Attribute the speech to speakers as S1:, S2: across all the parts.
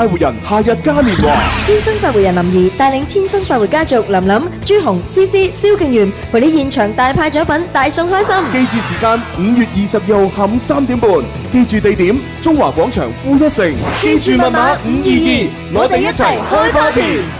S1: 快活人夏日嘉年華，天生快活人林怡
S2: 帶領天生快活家族林林、朱紅、詩詩、蕭敬元陪你現場大派獎品，大送開心。
S1: 記住時間五月二十日下午三點半，記住地點中華廣場負一城，記住密碼五二二，522, 522, 我哋一齊開 Party。開 party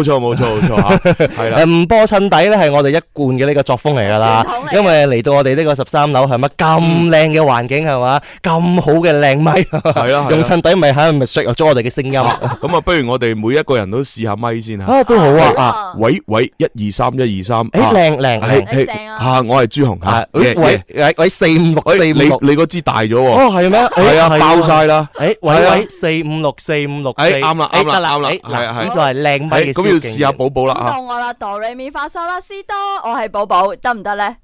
S1: 冇錯冇錯冇
S3: 錯，係啦，唔播襯底咧係我哋一貫嘅呢個作風嚟噶啦，因為嚟到我哋呢個十三樓係咪咁靚嘅環境係嘛，咁好嘅靚咪，係啦，用襯底咪喺咪 share 咗我哋嘅聲
S1: 音，咁啊，不如我哋每一個人都試下咪先啊，啊，都好啊，喂喂一二三一二三，誒，靚靚，啊，我係朱紅吓，喂喂四五六四五六，你你嗰支大咗喎，哦，係咩？係啊，爆
S3: 晒啦，誒，喂喂四五六四五六，啱啦，得啦，啱啦，係係呢個係靚咪嘅。要試下
S1: 寶寶啦！到
S2: 我啦，哆唻咪發嗦啦斯多，我係寶寶，得唔得咧？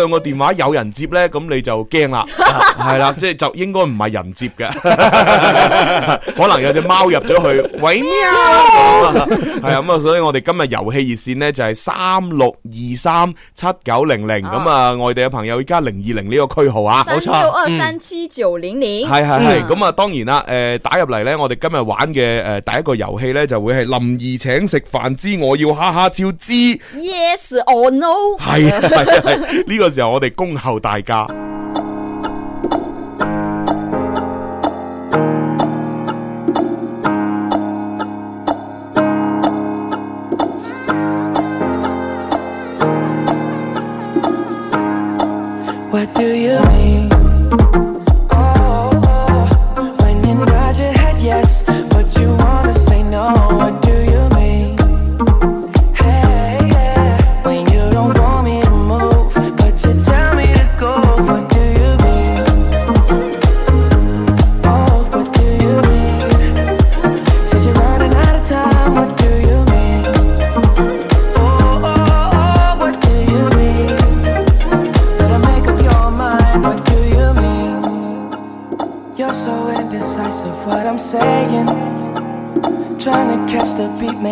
S1: 兩個電話有人接咧，咁你就驚啦，係啦，即係就應該唔係人接嘅，可能有隻貓入咗去。喂，係啊，咁啊，所以我哋今日遊戲熱線咧就係三六二三七九零零。咁啊，外地嘅朋友而家零二零呢個區號啊，冇錯，三六二三
S2: 七九零零，係係係，
S1: 咁啊，當然啦，誒，打入嚟咧，我哋今日玩嘅誒第一個遊戲咧就會係林怡請食飯之我要哈哈招之
S2: ，Yes or No，
S1: 係係係呢個。時候，我哋恭候大家。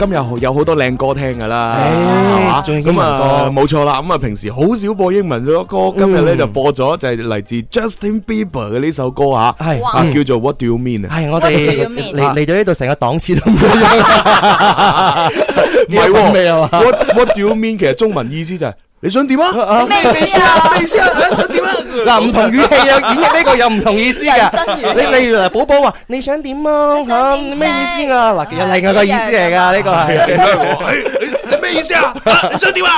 S1: 今日有好多靚歌聽噶啦，咁啊冇錯啦，咁啊平時好少播英文嘅歌，今日咧就播咗就係嚟自 Justin Bieber 嘅呢首歌吓，係啊叫做 What Do You Mean 啊，係我哋嚟到呢度成個檔次都唔一樣，咩啊嘛？What What Do You Mean，其實中文意思就係。你想點啊？咩意思啊？意思啊？你想點啊？嗱，唔同語氣又演繹呢個有唔同意思嘅。人生如……你你嗱，
S3: 寶寶話你想點啊？咩意思啊？嗱、啊，其實另外個意思嚟噶呢個係。
S4: 咩意思啊？想點啊？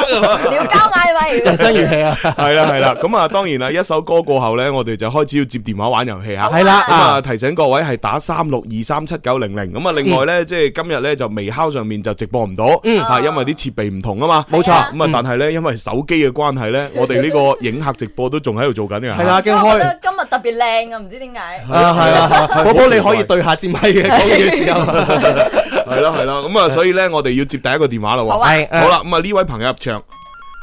S4: 聊交
S3: 嗌咪，越生越
S1: 氣啊！係啦係啦，咁啊當然啦，一首歌過後咧，我哋就開始要接電話玩遊戲吓。係啦，咁啊提醒各位係打三六二三七九零零。咁啊另外咧，即係今日咧就微烤上面就直播唔到，嗯，係因爲啲設備唔同啊嘛。冇錯。咁啊但係咧因爲手機嘅關係咧，我哋呢個影客直播都仲喺度做緊嘅。係啦，已經開。
S2: 今日特別靚啊！唔
S1: 知點解。啊係啦，波波你可以對下支咪嘅，講嘢嘅時候。係咯係咯，咁啊所以咧我哋要接第一個電話啦。好啊。嗯、好啦，咁啊，呢位朋友唱，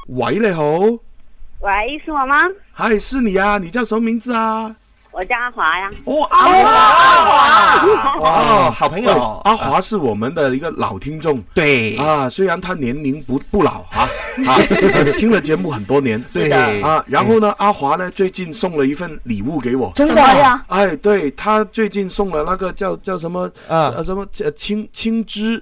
S1: 喂，你好，喂，
S5: 是我嗎？
S1: 嗨，是你啊，你叫什麼名字啊？
S5: 我
S1: 叫阿華呀。哦，啊啊、我阿華，哇、啊啊，好朋友，阿華是我們的一個老聽眾，對啊，啊，啊，啊，雖然他年齡不不老哈，啊，啊 聽了節目很多年，對啊，然後呢，阿華呢最近送了一份禮物給我，真的呀、啊？哎，對他最近送了那個叫叫什麼啊，啊什麼青青汁。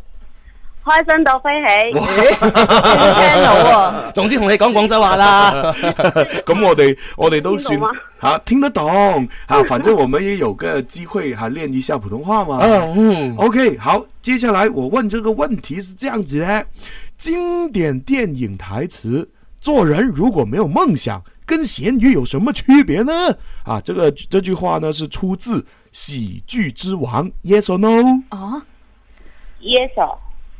S1: 開心到飛起，聽 Channel、啊、 總之同你講廣州話啦。咁我哋我哋都算吓聽得懂啊。反正我們也有個機會哈，練一下普通話嘛。OK，、嗯、好，接下來我問這個問題是這樣子咧：經典電影台詞，做人如果沒有夢想，跟鹹魚有什麼區別呢？啊，這個這句話呢，是出自《喜劇之王》。Yes or no？啊
S5: ，Yes or no。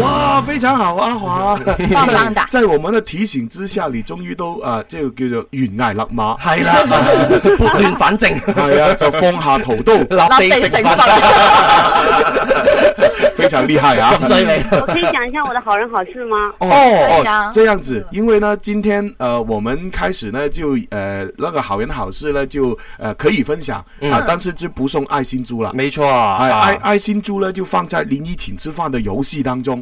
S1: 哇，非常好，阿華！在我們的提醒之下，你終於都啊、呃，就叫做懸崖勒馬，係啦， 撥亂反正，係啊，就放下屠刀，啦非常厲害啊！咁可以講一下我的
S5: 好人好事嗎？哦，哦這
S1: 樣子，因為呢，今天，呃，我們開始呢，就呃，那個好人好事呢，就呃、那個、好好就呃可以分享，啊、嗯呃，但是就不送愛心豬了。沒錯、啊哎，愛愛心豬呢就放在林姨請吃飯的遊戲當中。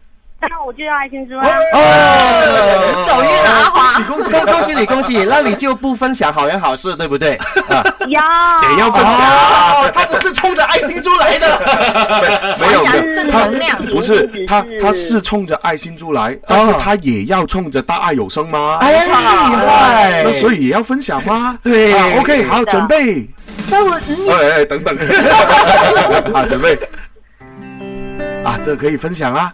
S5: 那我就要愛心豬啊！哦，啊、走運了，恭喜恭喜恭喜你恭喜！你。那你
S1: 就不
S3: 分享好人好事，對不對？啊、要得要分享、啊哦、他不是衝着愛心豬來的， 沒有正能量。不是，是
S1: 他他，他是衝着愛心豬來、哦，但是他也要衝着大愛有聲嗎？哎呀、哎，那所以也要分享嗎、啊？對、啊、OK，好，對、準備、嗯
S6: 哎哎、等等 好，準
S1: 備。哎，等等啊，準備啊，這個、可以分享啊。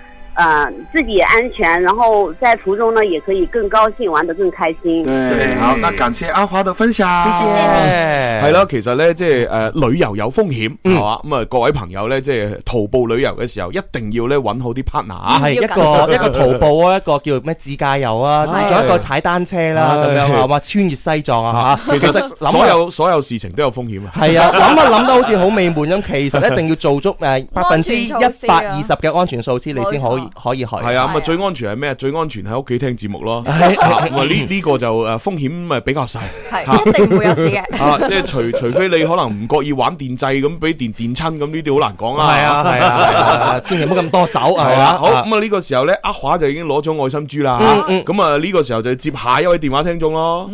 S5: 啊，自己安全，然後在途中呢，也可以更高興，玩得更開心。對，好，那感
S1: 謝阿華的分享。謝謝你。係咯，其實咧，即係誒，旅遊有風險，係嘛，咁啊，各位朋友咧，即係徒步旅遊嘅時候，一定要咧揾好啲 partner 啊，係一個一個徒步啊，一個叫咩自駕遊啊，仲一個踩
S3: 單車啦，咁樣啊，話穿越西藏啊，吓。其實所有
S1: 所有事情都有風險啊。係
S3: 啊，諗啊諗得好似好美滿咁，其實一定要做足誒百分之一百二十嘅安全措施，你先可以。
S1: 可以可以，係啊，咪、啊啊，最安全係咩？最安全喺屋企聽節目咯，吓，咁 啊呢呢、 嗯嗯，這個就誒風險咪比較細，係，嗯嗯，一定唔會有事嘅，啊，吓 即係除除非你可能唔覺意玩電掣咁俾電電親，咁呢啲好難講啊，係啊，千祈唔好咁多手係啊，好，咁啊呢個時候咧阿華就已經攞咗愛心豬啦吓，咁啊呢個時候就接下一位電話聽眾咯，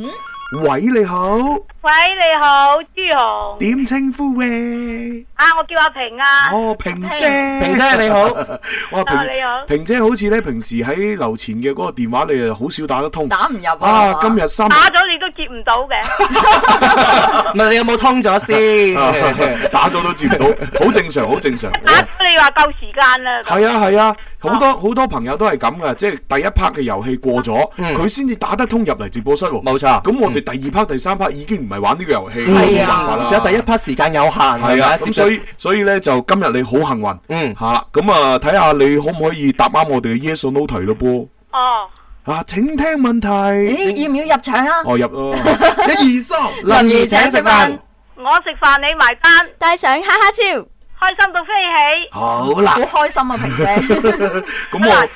S1: 喂，你好。
S5: 喂，你好，朱
S1: 豪。點稱呼咧？啊，我
S5: 叫阿
S1: 平啊。哦，平姐，平姐你好。啊，你好。平姐好似咧，平時喺樓前嘅嗰個電話，你啊好少打得通。打唔入啊！今日三打
S5: 咗你都接唔到
S1: 嘅。唔係你有冇通咗先？打咗都接唔到，好正常，好正常。打
S5: 咗你話夠時間啦。
S1: 係啊係啊，好多好多朋友都係咁噶，即係第一 part 嘅遊戲過咗，佢先至打得通入嚟直播室。冇錯。咁我哋第二 part、第三 part 已經唔係。玩呢個遊戲，係啊，而且第一 part 時間有限，係啊，咁所以所以咧就今日你好幸運，嗯，吓，咁啊睇下你可唔可以答啱我哋嘅 Yes or No 題咯
S2: 噃，
S1: 哦，啊，請聽問題，
S2: 誒，要唔要入場啊？哦，入啊，一二
S1: 三，林二請食飯，
S2: 我食飯你埋單，帶上哈哈超。開心到飛起，好啦，好開心啊，平姐。
S1: 咁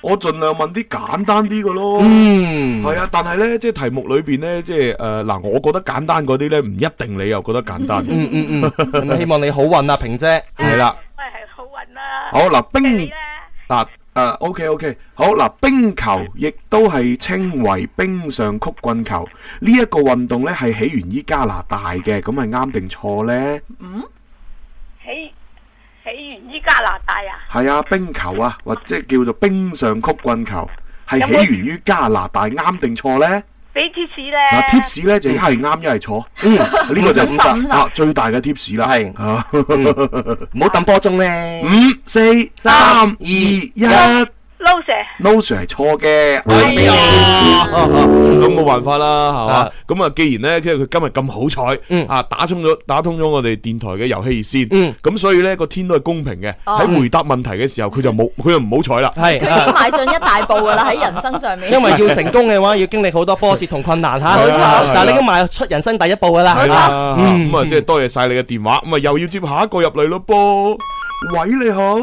S1: 我我盡量問啲簡單啲嘅咯。嗯，係啊，但係咧，即係題目裏邊咧，即係誒嗱，我覺得簡單嗰啲咧，唔一定你又覺得簡單。嗯嗯嗯。咁啊，希望你好運啊，平姐。係啦，係好運啦。好嗱，冰嗱誒，OK OK。好嗱，冰球亦都係稱為冰上曲棍球。呢一個運動咧係起源於加拿大嘅，咁係啱定錯咧？嗯。
S5: 起起源
S1: 於加拿大啊，係啊，冰球啊，或者叫做冰上曲棍球，係起源於加拿大，啱定錯咧？俾
S5: 貼士咧？嗱貼
S1: 士咧就一係啱一係錯，嗯，呢、這個就五十啊，最大嘅貼士啦，係，唔好等
S3: 波鐘咧，
S1: 五、四、嗯、三、二、一。撈蛇係錯嘅，哎呀，咁冇辦法啦，係嘛？咁啊，既然咧，即係佢今日咁好彩，啊，打通咗打通咗我哋電台嘅遊戲線，咁所以咧個天都係公平嘅。喺回答問題嘅時候，佢就冇，佢就唔好彩啦。係，佢邁
S6: 進一
S2: 大步噶啦，喺人生
S6: 上
S3: 面。因為要成
S1: 功嘅話，要經歷好多波折同困難吓。冇錯，嗱，你已經
S3: 邁出人生第一步噶啦。冇錯，咁
S1: 啊，即係多謝晒你嘅電話，咁啊，又要接下一個入嚟咯噃。喂，你好。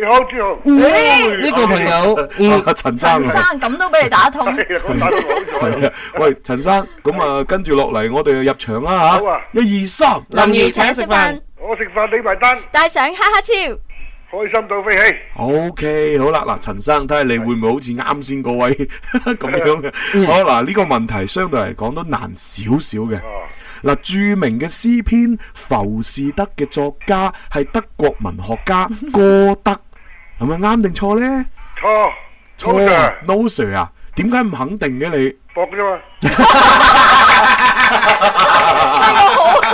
S1: 你好，朱浩。呢個朋友，嗯，阿陳生。陳生
S2: 咁都俾你打通。係啊，
S1: 喂，陳生，咁啊，跟住落嚟，我哋入場啦吓。好啊。一二三，林怡，請食飯。我食飯
S2: 你埋單。帶上哈哈超，開心
S1: 到飛起。OK，好啦，嗱，陳生，睇下你會唔會好似啱先嗰位咁樣嘅。好啦，呢個問題相對嚟講都難少少嘅。哦。嗱，著名嘅詩篇浮士德嘅作家係德國文學家歌德。係咪啱定錯咧？錯，錯嘅 no sir 啊，點解唔肯定嘅你？搏啫嘛！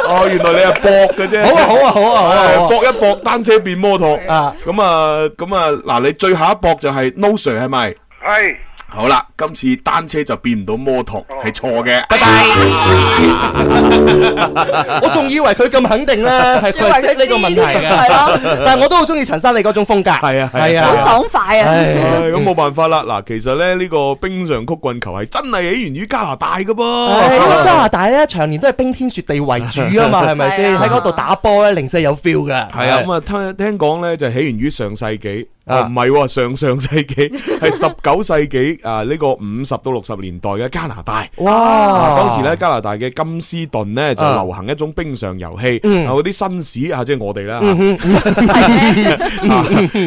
S1: 哦，原來你係搏嘅啫。好啊好啊好啊好啊！搏一搏，單車變摩托。啊！咁啊咁啊，嗱，你最後一搏就係 no sir 係咪？係。好啦，今次單車就變唔到摩托係錯嘅。拜拜！我仲以
S3: 為佢咁肯定咧，係因為呢個問題啊。但係我都好中意陳生你嗰種風格，係啊係
S1: 啊，好爽快啊！咁冇辦法啦。嗱，其實咧，呢個冰上曲棍球係真係起源於加拿大嘅噃。因為加
S3: 拿大咧，長年都係冰天雪地為主啊嘛，係咪先？喺
S1: 嗰度打波咧，零舍有 feel 噶。係啊。咁啊，聽聽講咧就起源於上世紀。啊，唔係，上上世紀係十九世紀，啊呢、這個五十到六十年代嘅加拿大，哇！當、啊、時咧加拿大嘅金斯頓咧就流行一種冰上遊戲，啊嗰啲紳士、就是、啊，即係我哋啦，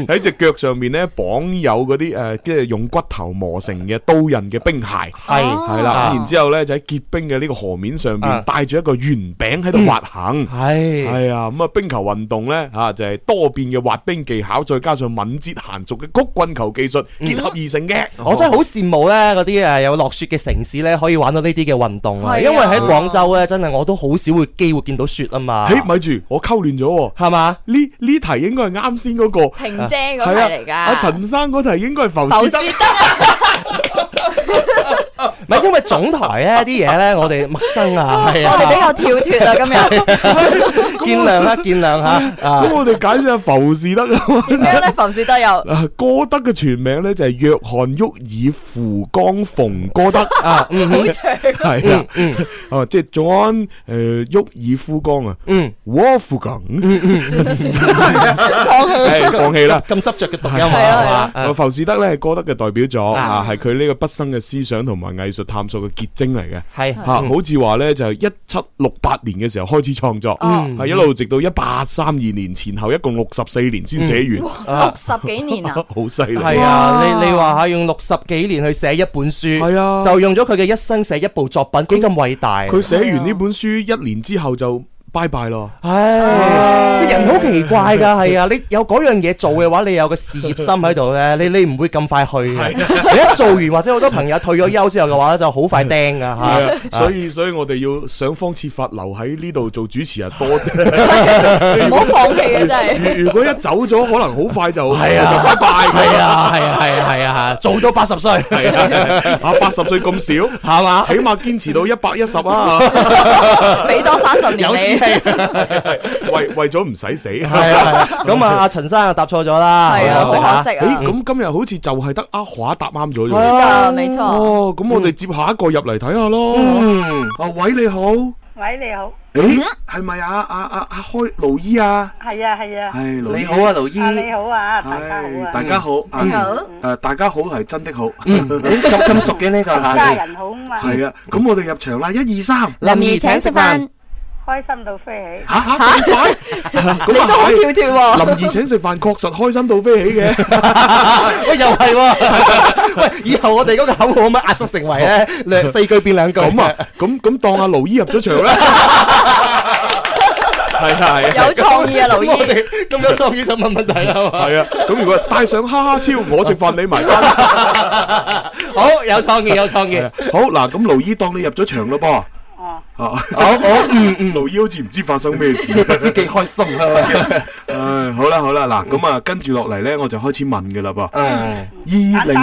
S1: 喺隻腳上面咧綁有嗰啲誒，即、啊、係用骨頭磨成嘅刀刃嘅冰鞋，係係啦，然之後咧就喺結冰嘅呢個河面上邊帶住一個圓餅喺度滑行，係、嗯、係、哎、啊，咁啊冰球運動咧吓就係、是、多變嘅滑冰技巧，再加上敏捷。節嫻熟嘅曲棍球技術結合而成嘅，我真係好
S3: 羨慕咧嗰啲誒有落雪嘅城市咧，可以玩到呢啲嘅運動啊！因為喺廣州咧，真係我都好少會機會見到雪啊嘛！誒、欸，咪住，我溝亂咗，係嘛？
S1: 呢呢題應該係啱先嗰、嗰個平正嗰題嚟㗎，阿陳、啊、生嗰題應該係浮士德 唔係因為總台咧啲嘢咧， 西呢 我哋陌生啊，我哋、啊啊啊、比
S2: 較跳脫啊，今日
S3: 見諒啦，見諒嚇。咁、啊啊、我
S1: 哋解釋下浮士德
S2: 啊。點解咧？浮士德有、
S1: 啊、歌德嘅全名咧就係、是、約翰·沃爾夫岡·馮歌德啊，好長係啊，哦、嗯，即係早安誒沃爾夫岡啊，Wolf、就是、岡、呃
S3: 啊嗯嗯嗯 哎，放棄啦，
S1: 咁執着嘅讀音係啊。浮、啊啊啊啊啊、士德咧係歌德嘅代表作啊，係佢呢個畢生嘅思想同埋藝術。就探索嘅結晶嚟嘅，係吓好似話呢，就係一七六八年嘅時候開始創作，係、嗯、一路直，直到一八三二年前後，一共六十四年先寫完、嗯。六十幾年啊，好犀利！係啊，哇你你話吓
S3: 用六十幾年去寫一本書，係啊，就用咗佢嘅一生寫一部作品，幾咁偉大！佢寫
S1: 完呢本書一年之後就。拜拜咯，唉，人好奇
S3: 怪噶，係啊，你有嗰樣嘢做嘅話，你有個事業心喺度咧，你你唔會咁快去。你一做完或者好多朋友退咗休之後嘅話，就好快掟噶吓。所
S1: 以所以，我哋要想方設法留喺呢度做主持人多啲，唔好放棄啊！真係，如果一走咗，可能好快就係啊，拜拜係啊，係啊，係啊，係啊，吓，做咗八十歲係啊，啊，八十歲咁少係嘛，起碼堅持到一百一十啊，
S2: 俾多三十年你。
S1: 為為咗唔使死，係啊！咁啊，陳生啊，答錯咗啦，係啊，識下識。誒，咁今日好似就係得阿華答啱咗，哦，冇錯。哦，咁我哋接下一個入嚟睇下咯。啊，喂，你好。喂，你好。誒，係咪啊啊啊啊？開盧姨啊，係啊
S5: 係啊，係盧姨。你好啊，盧姨。你好啊，大家好啊，大家
S1: 好。你好。誒，大家好係真的好。咁咁熟嘅呢個吓，係啊。咁我哋入場啦，一二三，林怡請食飯。
S6: 開心到飛起！吓吓，你都好跳
S1: 跳喎！林儀請食飯，確實開心到飛起嘅。喂，又係喎！
S3: 喂，以後我哋嗰個口號咪壓縮成為咧，兩四句變兩句。咁啊，咁咁當阿
S1: 勞伊入咗場啦。係啊係。有創意啊，勞伊！咁我哋咁有創意就問問題啊嘛。係啊，咁如果帶上哈哈超，我食飯你埋單。好，有創意，有創意。好嗱，咁勞伊當你入咗場咯噃。哦，哦，嗯嗯，老姨好似唔知發生咩事，唔知幾開心啊！誒、哎，好啦好啦，嗱，咁啊，跟住落嚟呢，我就開始問嘅啦噃。二、嗯、零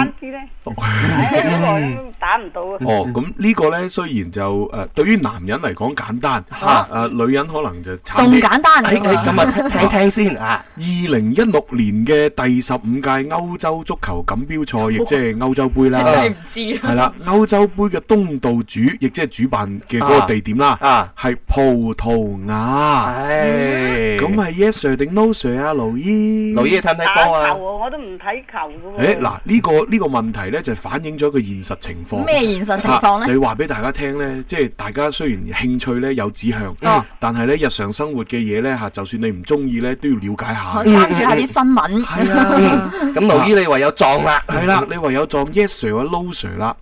S1: 打唔
S6: 到。 哦，
S1: 咁呢個呢，雖然就誒、呃，對於男人嚟講簡單，吓、啊啊呃，女人可能就慘啲。仲簡單嘅。咁、哎哎哎哎、啊，睇睇先啊。二零一六年嘅第十五屆歐洲足球錦標賽，亦即係歐洲杯啦。真係唔知。係啦、啊，歐洲杯嘅東道主，亦即係主辦嘅嗰個地點啦，係、啊、葡萄牙。係、哎。咁、嗯、係 Yes or No？Lo Sir 阿勞伊，勞伊睇唔
S5: 睇波啊，啊？我都唔睇球噶，啊。誒、欸，嗱
S1: 呢、呢個呢、呢個問題咧，就是、反映咗一個現實情況。咩現實情況咧？你話俾大家聽咧，即係大家雖然興趣咧有指向，嗯、但係咧日常生活嘅嘢咧吓，就算你唔中意咧，都要了解一下。關、嗯、注下啲
S2: 新聞。係、嗯、啊，
S1: 咁勞伊你唯有撞啦？係、啊、啦、嗯啊，你唯有撞 Yes Sir 或 Lo Sir 啦。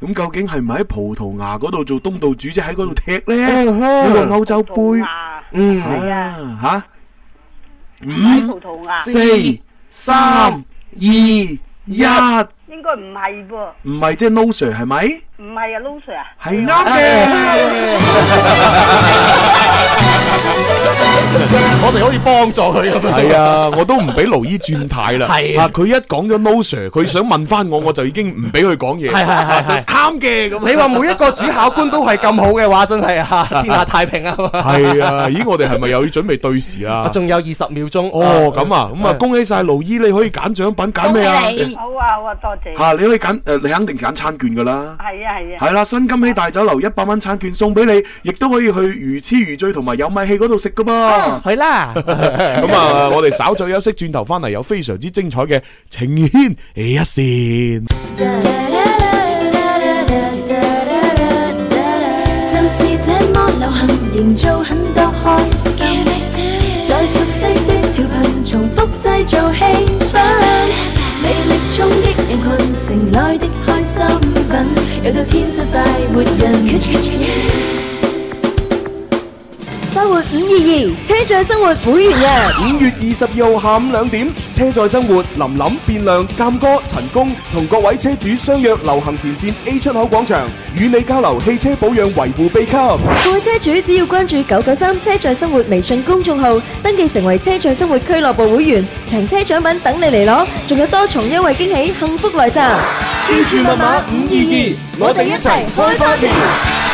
S1: 咁究竟係咪喺葡萄牙嗰度做東道主席，喺嗰度踢咧，呢、嗯、個歐洲盃。啊、嗯，係啊，吓、啊。五、
S5: 四、三、
S1: 就是 no、二、一，應該唔
S5: 係噃，唔係
S6: 即係 no sir 係咪？唔係啊 no
S1: sir 啊，係啱嘅。我哋可以幫
S3: 助佢咁樣，係啊，
S1: 我都唔俾盧姨轉態啦。係啊，佢一講咗 no sir，佢想問翻我，我就已經唔俾佢講嘢。係係係係，就
S3: 啱嘅咁。你話每一
S1: 個主考官都係咁好
S3: 嘅話，真係啊，天下太平啊。係啊，
S1: 咦，我哋係咪又要準備對時啊？仲有二十秒鐘。哦，咁啊，咁啊，恭喜晒盧姨，你可以揀獎品，揀咩啊？恭喜你，好啊，好啊，多謝。吓，你可以揀誒，你肯定揀餐券噶啦。
S6: 係啊，係啊。係啦，
S1: 新金禧大酒樓一百蚊餐券送俾你，亦都可以去魚翅魚醉同埋有米戲嗰度食噶噃。係、哦、啦，咁 啊，我哋稍作休息，轉頭翻嚟，有非常之精彩嘅情牽一線。
S7: 就是這麼流行，營造很多開心，在熟悉的調頻，重複製造氣氛，魅力衝擊人群，城內的開心品，有到天生快活人。
S1: 生活五二二，車載生活會員日，五月二十二號下午兩點，車載生活林林、變亮、鑒哥、陳工同各位車主相約流行前線 A 出口廣場，與你交流汽車保養維護秘笈。各位
S2: 車主只要關注九九三車載生活微信公眾號，登記成為車載生活俱樂部會員，停車獎品等你嚟攞，仲有多重優惠驚喜，幸福來
S4: 襲。記住密碼五二二，我哋一齊開波添。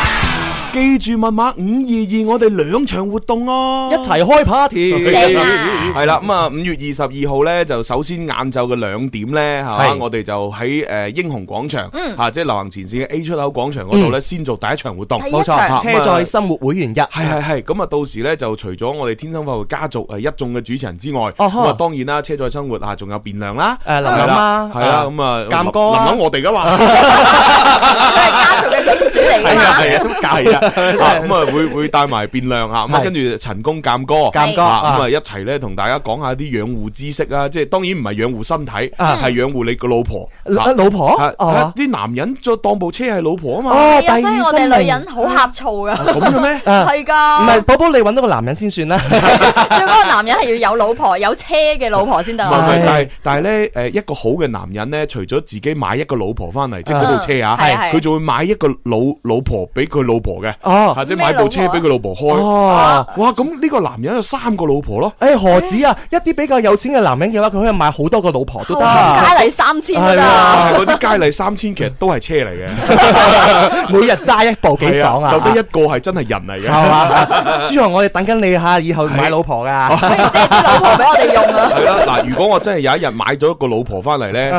S1: 記住密碼五二二，我哋兩場活動哦、啊，一齊開 party。係、 啊、 啦，咁啊五月二十二號呢，就首先晏晝嘅兩點呢，吓，我哋就喺誒英雄廣場吓，即、嗯、係、啊就是、流行前線嘅 A 出口廣場嗰度呢、嗯，先做第一場活動。冇錯，車載生活會員日。係係係，咁啊、嗯、到時呢，就除咗我哋天生快活家族誒一眾嘅主持人之外，咁、哦、啊當然啦，車載生活還啊仲有變亮啦，林係啊，係啦，咁啊，岩哥，啱啱我哋而家
S6: 係啊係啊，都搞
S1: 啊，咁啊會會帶埋變量啊，咁跟住陳功鑑哥鑑哥咁啊一齊咧同大家講下啲養護知識啊，即係當然唔係養護身體，係養護你個老婆嗱，老婆啲男人再當部車係老婆啊嘛，
S2: 哦，所以我哋女人好呷醋噶，咁嘅咩？係噶，唔係
S1: 寶寶你揾到個男人先算啦，
S2: 要嗰個男人係要有老婆有車嘅老婆先得，係
S1: 但係咧誒一個好嘅男人咧，除咗自己買一個老婆翻嚟，即係嗰部車啊，佢就會買一個老。老老婆俾佢老婆嘅，或者買部車俾佢老婆開老婆。哇，咁呢個男人有三個老婆咯。誒、哎，何止啊？哎、一啲比較有錢嘅男人嘅話，佢可以買好多個老婆都得、啊。佳、嗯、
S2: 麗三千啊，嗰、啊、啲、啊啊
S1: 啊啊啊、佳麗三千其實都係車嚟嘅， 每日揸一部幾爽啊，啊。就得一個係真係人嚟嘅。
S3: 朱浩、啊， 啊啊、我哋等緊你吓，以後買老婆噶，即係啲老婆
S1: 俾我哋用啊。係咯，嗱，如果我真係有一日買咗一個老婆翻嚟咧，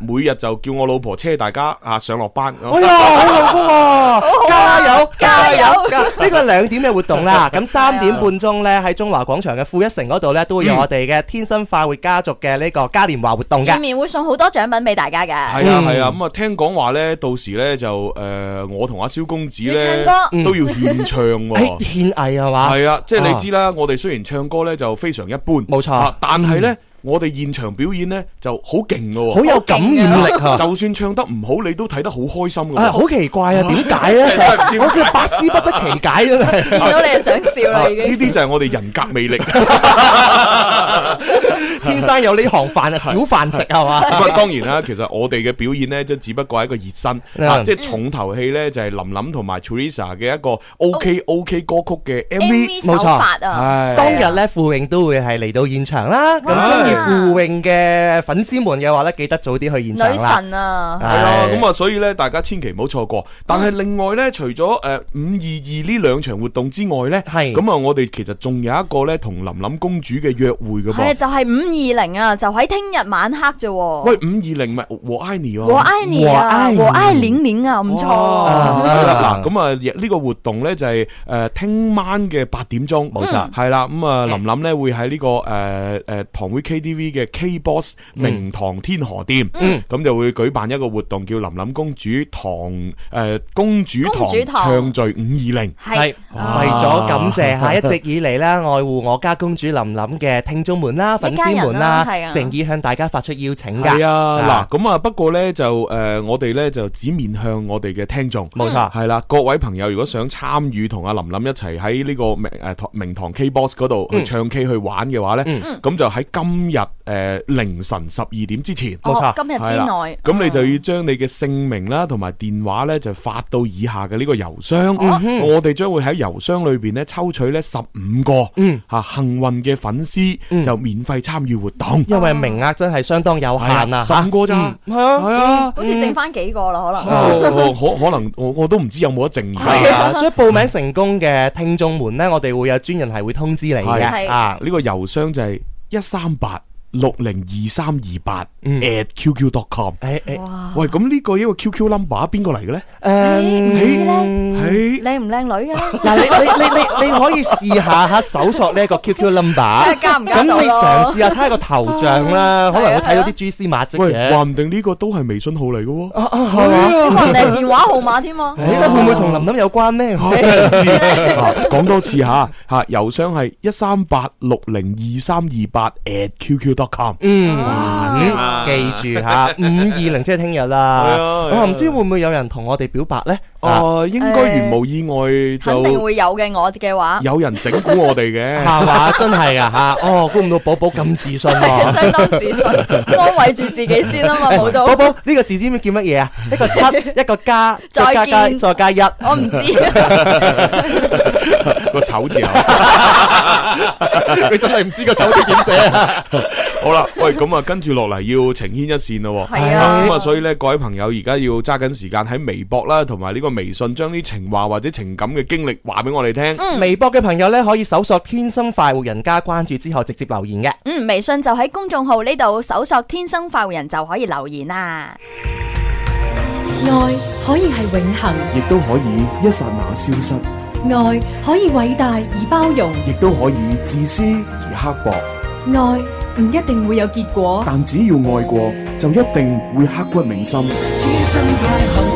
S1: 每日就叫我老婆車大家吓上落班、啊啊啊啊。哎呀，好
S4: 幸福啊！啊啊啊哦好
S3: 好、啊，加油加油！呢個兩點嘅活動啦，咁 三點半鐘呢，喺中華廣場嘅富一城嗰度呢，都會有我哋嘅天生快活家族嘅呢個嘉年華活動嘅、嗯，入
S2: 面會送好多獎品俾大家嘅、嗯。係啊係啊，
S1: 咁啊聽講話呢，到時呢，就、呃、誒，我同阿蕭公子呢要唱歌都要獻
S3: 唱，獻藝係嘛？係、哎、啊，即、就、係、是、你知
S1: 啦，我哋雖然唱歌呢就非常一般，冇錯、啊，但係呢。嗯我哋現場表演咧就好勁喎，好有感染力啊！就算唱得唔好，你都睇得好開心嘅好、啊、奇怪啊！點解咧？我 叫、 啊、 百思不得其解 啊！見到你係想笑啦，已經呢啲就係我哋人格魅力， 天生有呢
S3: 行飯啊， 小飯食係嘛？當
S1: 然啦，其實我哋嘅表演咧，即只不過係一個熱身，即、嗯、係、啊就是、重頭戲咧，就係、是、林琳同埋 Teresa 嘅一個 OK、哦、OK 歌曲嘅 MV，冇、啊、錯啊、哎！當日咧，傅穎都會係嚟
S3: 到現場啦。咁護泳嘅粉絲們嘅話咧，記得早啲去現場啦。女
S2: 神
S1: 啊，係啊，咁啊，所以咧，大家千祈唔好錯過。但係另外咧，除咗誒五二二呢兩場活動之外咧，係咁啊，我哋其實仲有一個咧同琳琳公主嘅約會㗎。係啊，就
S2: 係五二零啊，就喺聽日晚黑啫。喂，
S1: 五二零咪和 Iney 喎，和 Iney
S4: 啊，和
S2: I 連連啊，唔錯。
S4: 嗱，
S1: 咁啊，呢個活動咧就係誒聽晚嘅八點鐘，冇錯，係啦。咁啊，琳琳咧會喺呢個誒誒堂會傾。KTV 嘅 K Boss 明堂天河店，咁就會舉辦一個活動，叫琳琳公主堂誒公主堂唱聚五二零，係為咗感謝吓一直以嚟啦愛護我家公主琳琳嘅
S3: 聽眾們啦、粉絲們啦，誠意向大家發出邀請噶。係啊，嗱，
S1: 咁啊，不過咧就誒，我哋咧就只面向我哋嘅聽眾，冇錯。係啦，各位朋友如果想參與同阿琳琳一齊喺呢個明誒明堂 K Boss 嗰度去唱 K 去玩嘅話咧，咁就喺今。今日誒凌晨十二點之前，冇錯，今日之內，咁你就要將你嘅姓名啦，同埋電話咧就發到以下嘅呢個郵箱。我哋將會喺郵箱裏邊咧抽取咧十五個吓幸運嘅粉絲，就免費參與活動。因為名額真係相當有限啊，十五個咋，
S6: 係啊係啊，好
S2: 似剩翻幾個啦，可
S1: 能可可能我我都唔知有冇得剩。所以
S3: 報名成功嘅聽眾們咧，我哋會有專人係會通知你嘅。啊，呢個郵箱就
S1: 係。一三八。六零二三二八 atqq.com。誒誒，喂，咁呢個一個 QQnumber 邊個嚟嘅
S7: 咧？誒，唔知咧，誒，靚
S2: 唔
S6: 靚女嘅咧？嗱，你你你你
S3: 可以
S1: 試下吓搜索呢一個 QQnumber。加唔加到我？
S3: 咁你嘗試下睇個頭像啦，可能睇到啲蛛絲馬迹嘅，話唔
S1: 定呢個都係微信號嚟嘅喎。啊你
S2: 電話號碼添會
S1: 唔會同林林有關咧？講多次吓吓，郵箱係一三八六零二三二八 at qq 嗯，五，嗯啊，記住吓，五二零即係聽
S3: 日啦。 我唔知會唔會有人同我哋表白咧？哦，應該原無意外就一、哎、定會
S2: 有嘅。我嘅話有
S3: 人整蠱我哋嘅嚇話， 真係啊嚇。哦，估唔到寶寶咁自信，啊嗯嗯嗯嗯，相當自信，安慰住自己先啊嘛，哎，寶寶。寶寶呢個字知唔知叫乜嘢啊？一個七，一個加，再加，再加一。我
S1: 唔知道，啊、 唔知道個醜字啊！你真係唔知個醜字點寫啊？好啦，喂，咁，嗯、啊，跟住落嚟要情牽一線咯。係啊，咁啊，所以咧，各位朋友而家要揸緊時間喺微博啦，同埋呢個。微信將啲情話或者情感嘅經歷話俾我哋聽。
S3: 嗯，微博嘅朋友咧，可以搜索“天生快活人”，加關注之後直接留言
S1: 嘅。
S2: 嗯，微信就喺公眾號呢度搜索“天生快活人”就可以留言啦。
S1: 愛可以係永恆，亦都可以一剎那消失。愛可以
S2: 偉大而包容，
S1: 亦都可以自私而刻薄。
S7: 愛唔一定會有結果，
S1: 但只要愛過，就一定會刻骨銘心。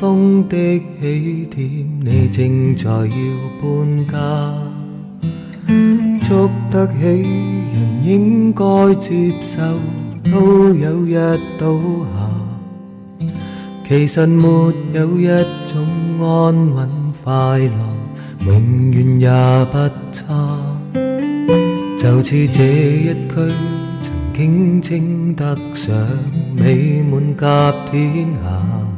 S8: 風的起點，你正在要搬家。捉得起人應該接受，都有日倒下。其實沒有一種安穩快樂，永遠也不差。就似這一區，曾經稱得上美滿甲天下。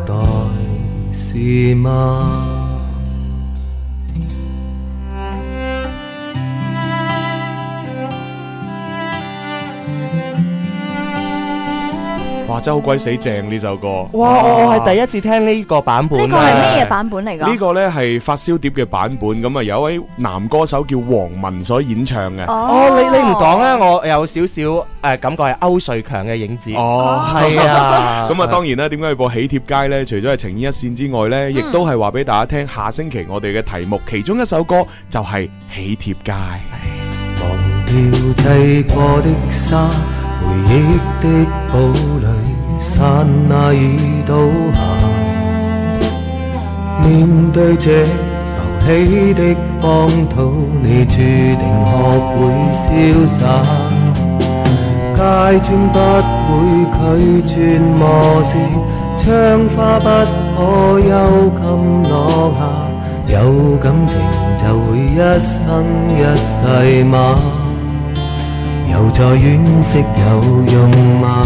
S8: 是嗎？
S1: 真好鬼死正呢首歌！哇，我係第一次聽呢個版本。呢個係咩嘢版本嚟噶？呢個咧係發燒碟嘅版本，咁啊有位男歌手叫黃文所演唱嘅。哦，你你唔講啊？我有少少誒，感覺係歐瑞強嘅影子。哦，
S3: 係啊。咁啊，當然
S1: 啦，點解要播《喜帖街》咧？除咗係情牽一線之外咧，亦都係話俾大家聽，下星期我哋嘅題目其中一首歌就係《喜帖街》。忘
S8: 掉砌過的沙，回憶的堡壘。剎那已倒下，面對這浮起的荒土，你注定學會瀟灑。階磚不會拒絕磨蝕，窗花不可幽禁落霞。有感情就會一生一世嗎？又再惋惜有用嗎？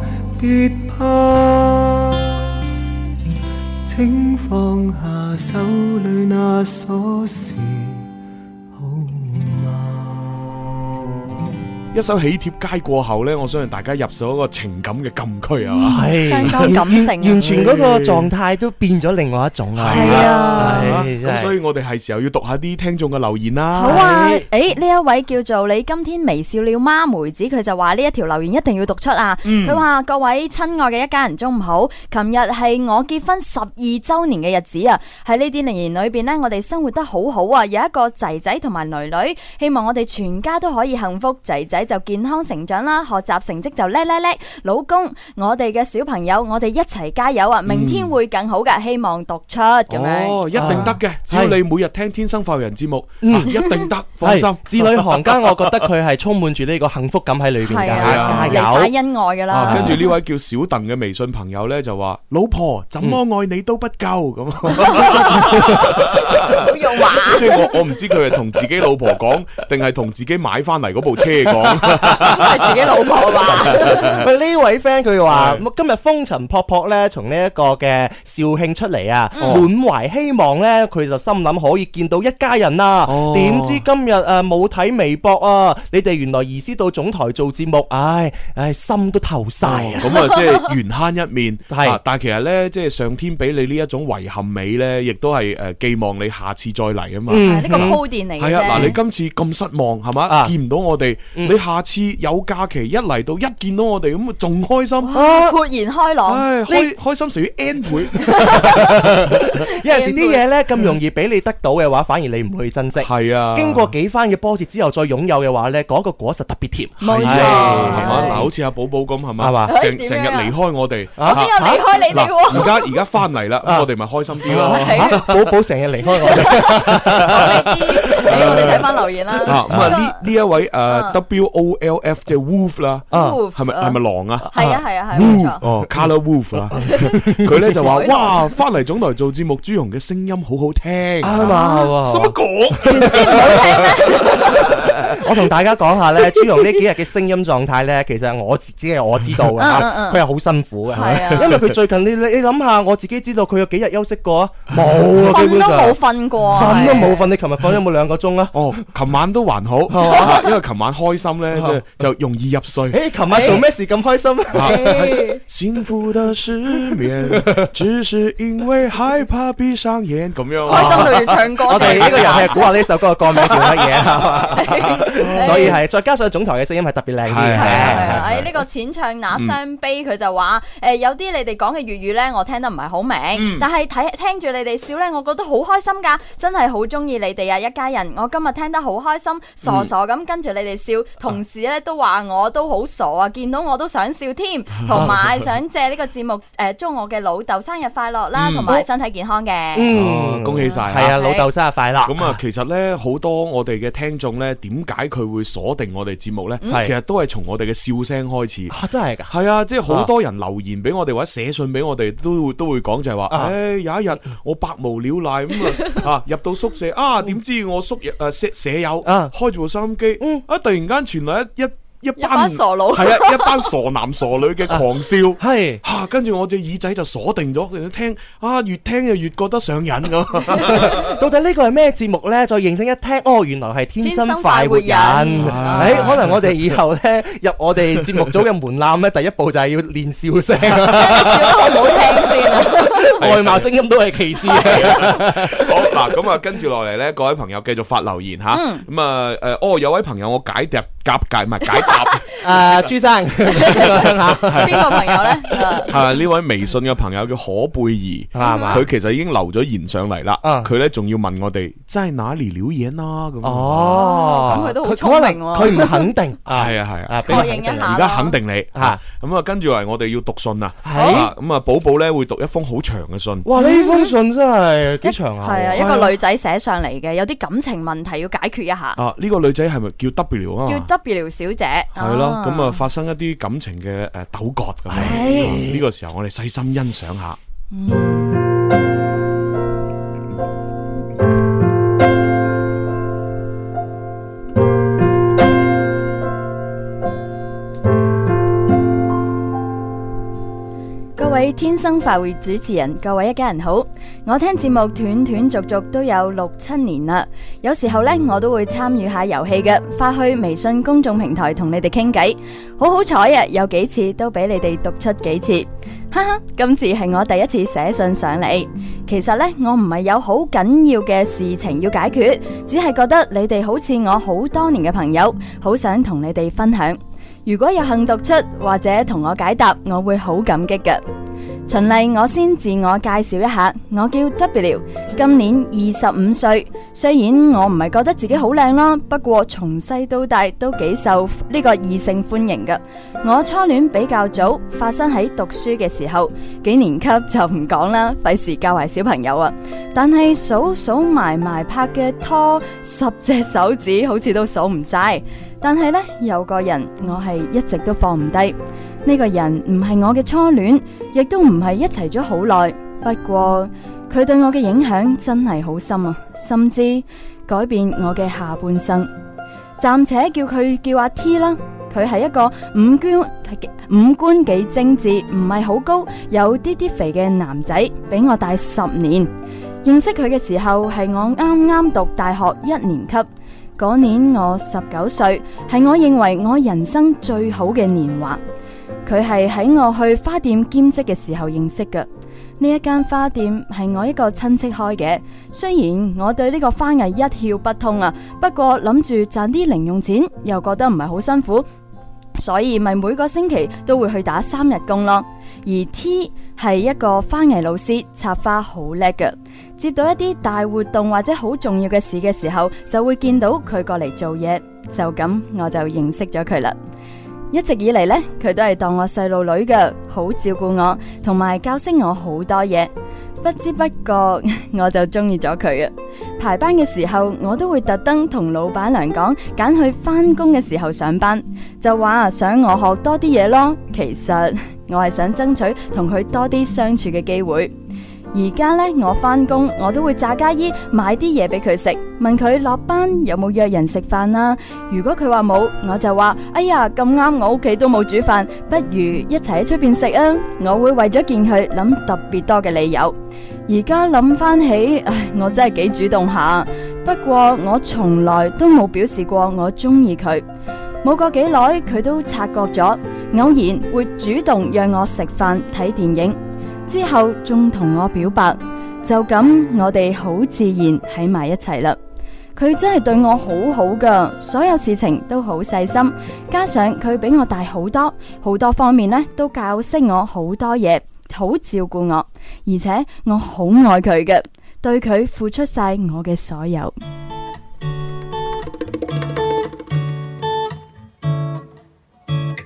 S8: 別怕，請放下手裏那鎖匙。
S1: 一首喜帖街過後咧，我相信大家入咗一個情感嘅禁區啊！係，相當感性，完全嗰個狀態都變咗另外一種啦。係啊，咁所以我哋係時候要讀下啲聽眾嘅留言啦。好啊，
S2: 誒呢一位叫做你今天微笑了嗎？梅子佢就話呢一條留言一定要讀出啊。佢話各位親愛嘅一家人中午好，琴日係我結婚十二周年嘅日子啊。喺呢啲年裏邊咧，我哋生活得好好啊，有一個仔仔同埋女女，希望我哋全家都可以幸福。仔仔，就健康成長啦，學習成績就叻叻叻。老公，我哋嘅小朋友，我哋一齊加油啊！明天會更好嘅，希望讀出咁樣。哦，
S1: 一定得嘅，只要你每日聽《天生快活人》節目，一定得，放心。字裏行間，我覺得佢係充滿住呢個幸福感喺裏邊嘅，係啊，有晒恩愛噶啦。跟住呢位叫小鄧嘅微信朋友咧，就話：老婆，怎麼愛你都不夠咁。好肉麻。即係我，我唔知佢係同自己老婆講，定係同自己買翻嚟嗰部車講。係自己老婆吧？
S3: 呢位 friend 佢話今日風塵僕僕咧，從呢一個嘅肇慶出嚟啊，滿懷希望咧，佢就心諗可以見到一家人啦。點知今日誒冇睇微博啊？你哋原來移師到總台做節目，唉唉，心都透晒啊！咁啊，即係
S1: 緣慳一面係，但係其實咧，即係上天俾你呢一種遺憾美咧，亦都係誒寄望你下次再嚟啊嘛。呢個鋪墊嚟，係啊！嗱，你今次咁失望係嘛？見唔到我哋你。下次有假期一嚟到一見到我哋咁，仲開心
S2: 豁然開朗，哎、開
S1: 開心成 n 倍。 有陣時
S3: 啲嘢咧咁容易俾你得到嘅話，反而你唔會珍惜。係啊，經過幾番嘅波折之後再擁
S1: 有嘅話咧，嗰、嗰個果實特別甜。係啊，係嘛、啊，嗱、啊，好似阿寶寶咁，係嘛、啊，成成日離開我哋。我邊有離開你哋、啊？嗱、啊，而家而家翻嚟啦， 我哋咪開心啲咯、啊。寶寶成日離開我哋。我哋
S2: 睇翻留言
S1: 啦。咁啊呢呢一位誒 W。O L F 即係 Wolf 啦，係咪係咪狼啊？係啊係啊係，Wolf、啊、哦。Color Wolf 啦，佢、嗯、咧就話： 哇，翻嚟總台做節目，朱融嘅聲音好好聽啊嘛！喎、啊，乜、啊、講 、
S3: 啊？我同大家講下咧， 朱融呢幾日嘅聲音狀態咧，其實我自己係我知道嘅佢係好辛苦嘅、 啊，因為佢最近你你你諗下，我自己知道佢有幾日休息過啊？冇， 啊，瞓都冇瞓過，瞓都冇
S1: 瞓。你琴日瞓咗有冇兩個鐘啊？哦，琴晚都還好， 因為琴晚開心。咧就容易入睡。誒、哎，琴晚做咩事咁開心啊？哎、 幸福的失眠，只是因為害怕閉上眼。咁樣。開心就嚟唱歌。 我哋呢個遊戲係估下呢首歌嘅歌名叫乜嘢
S2: 所
S3: 以係是 再加上總台嘅聲音係特別靚啲。係啊係啊！喺、這、呢
S2: 個淺唱那傷悲，佢、嗯、就話誒、哎、有啲你哋講嘅粵語咧，我聽得唔係好明。嗯、但係睇聽住你哋笑咧，我覺得好開心㗎，真係好中意你哋啊！一家人，我今日聽得好開心，傻傻咁跟住你哋笑、嗯同事咧都話我都好傻啊，見到我都想笑添，同埋想借呢個節目誒祝我嘅老豆生日快樂啦，同埋身體健康嘅。嗯，
S1: 恭喜晒！係啊，老豆生日快樂。咁、嗯嗯哦、啊，啊、嗯，其實咧好多我哋嘅聽眾咧，點解佢會鎖定我哋節目咧？其實都係從我哋嘅笑聲開始。真係㗎。係啊，即係好多人留言俾我哋或者寫信俾我哋，都會都會講就係話，誒、啊哎、有一日我百無聊賴咁 啊，啊入到宿舍啊，點知我宿誒社、啊、舍友開住部收音機啊，啊，突然間全。原來一一一班，一班傻佬，係啊，一班傻男傻女嘅狂笑，係 吓，跟、啊、住我隻耳仔就鎖定咗，佢聽啊，越聽就越覺得上癮咁。 到底這是什麼呢個係咩節目咧？再認真一聽，哦，原來係天生快活人。
S3: 誒、啊欸，可能我哋以後咧入我哋節目組嘅門檻咧， 第一步就係要練笑聲。笑，笑得我冇聽先、啊、 外貌聲音都係歧視。
S1: 是的 好嗱，咁啊，跟住落嚟咧，各位朋友繼續發留言吓。咁、嗯、啊，誒，哦、呃，有位朋友我解答。夾解唔係解答， 誒、
S3: 呃，朱生吓，
S1: 邊 個朋友咧？ 啊，呢位微信嘅朋友叫可貝兒，係嘛？佢其實已經留咗言上嚟啦，佢咧仲要問我哋，嗯、真係哪裏了嘢啦咁。哦，咁、啊、佢都好、啊、
S3: 可能喎。佢唔肯定，
S1: 係啊係啊，而家、啊啊啊、肯定你吓，咁啊，啊跟住嚟，我哋要讀信啊，好咁啊寶寶咧會讀一封好長嘅信。哇，呢封信真係幾長下。係、嗯、啊，啊，啊，啊，一個女
S2: 仔寫上嚟嘅，有啲感情問題要解決一下。啊、呢、
S1: 這個女仔係咪叫 W 啊？
S2: W 小姐係咯，咁啊、
S1: 嗯、發生一啲感情嘅誒糾葛咁，呢、哎、個時候我哋細心欣賞下。嗯
S2: 係天生快活主持人，各位一家人好。我聽節目斷斷續續都有六七年啦，有時候呢，我都會參與下遊戲嘅，發去微信公眾平台同你哋傾偈，好好彩啊，有幾次都俾你哋讀出幾次，哈哈。今次係我第一次寫信上嚟，其實呢，我唔係有好緊要嘅事情要解決，只係覺得你哋好似我好多年嘅朋友，好想同你哋分享。如果有幸讀出或者同我解答，我會好感激噶。循例，我先自我介紹一下，我叫 W，今年二十五歲。雖然我唔係覺得自己好靚啦，不過從細到大都幾受呢個異性歡迎噶。我初戀比較早，發生喺讀書嘅時候，幾年級就唔講啦，費事教壞小朋友啊。但係數數埋埋拍嘅拖，十隻手指好似都數唔晒。但係呢，有個人我係一直都放唔低。呢個人唔係我嘅初戀，亦都唔係一齊咗好耐。不過佢對我嘅影響真係好深啊，甚至改變我嘅下半生。暫且叫佢叫阿 T 啦。佢係一個五官五官幾精致，唔係好高，有啲啲肥嘅男仔，比我大十年。認識佢嘅時候係我啱啱讀大學一年級。嗰年我十九歲，係我認為我人生最好嘅年華。佢係喺我去花店兼職嘅時候認識㗎。呢一間花店係我一個親戚開嘅。雖然我對呢個花藝一竅不通啊，不過諗住賺啲零用錢，又覺得唔係好辛苦，所以咪每個星期都會去打三日工咯。而 T 係一個花藝老師，插花好叻嘅。接到一啲大活動或者好重要嘅事嘅時候，就會見到佢過嚟做嘢。就咁，我就認識咗佢啦。一直以嚟呢，佢都係當我細路女嘅，好照顧我，同埋教識我好多嘢。不知不覺，我就中意咗佢啊！排班嘅時候，我都會特登同老闆娘講，揀去翻工嘅時候上班，就話想我學多啲嘢咯。其實我係想爭取同佢多啲相處嘅機會。而家咧，我翻工，我都會炸家衣買啲嘢俾佢食，問佢落班有冇約人食飯啦。如果佢話冇，我就話：哎呀，咁啱我屋企都冇煮飯，不如一齊喺出邊食啊！我會為咗見佢諗特別多嘅理由。而家諗翻起，唉，我真係幾主動下。不過我從來都冇表示過我中意佢。冇過幾耐，佢都察覺咗，偶然會主動約我食飯睇電影。之後仲同我表白，就咁我哋好自然喺埋一齊啦。佢真係對我好好噶，所有事情都好細心，加上佢比我大好多，好多方面呢都教識我好多嘢，好照顧我，而且我好愛佢嘅，對佢付出晒我嘅所有。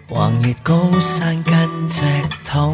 S7: 橫越高山跟赤土。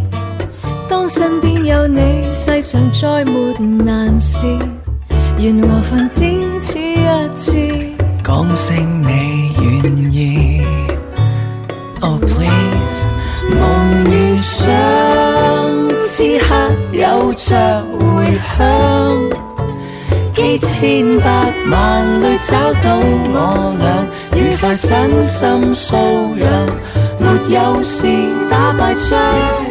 S7: 當身邊有你，世上再沒難事。緣和份只此一次，講聲你願意。Oh please，夢與想此刻有着回響。幾千百萬里找到我倆，愉快身心舒暢，沒有事打敗仗。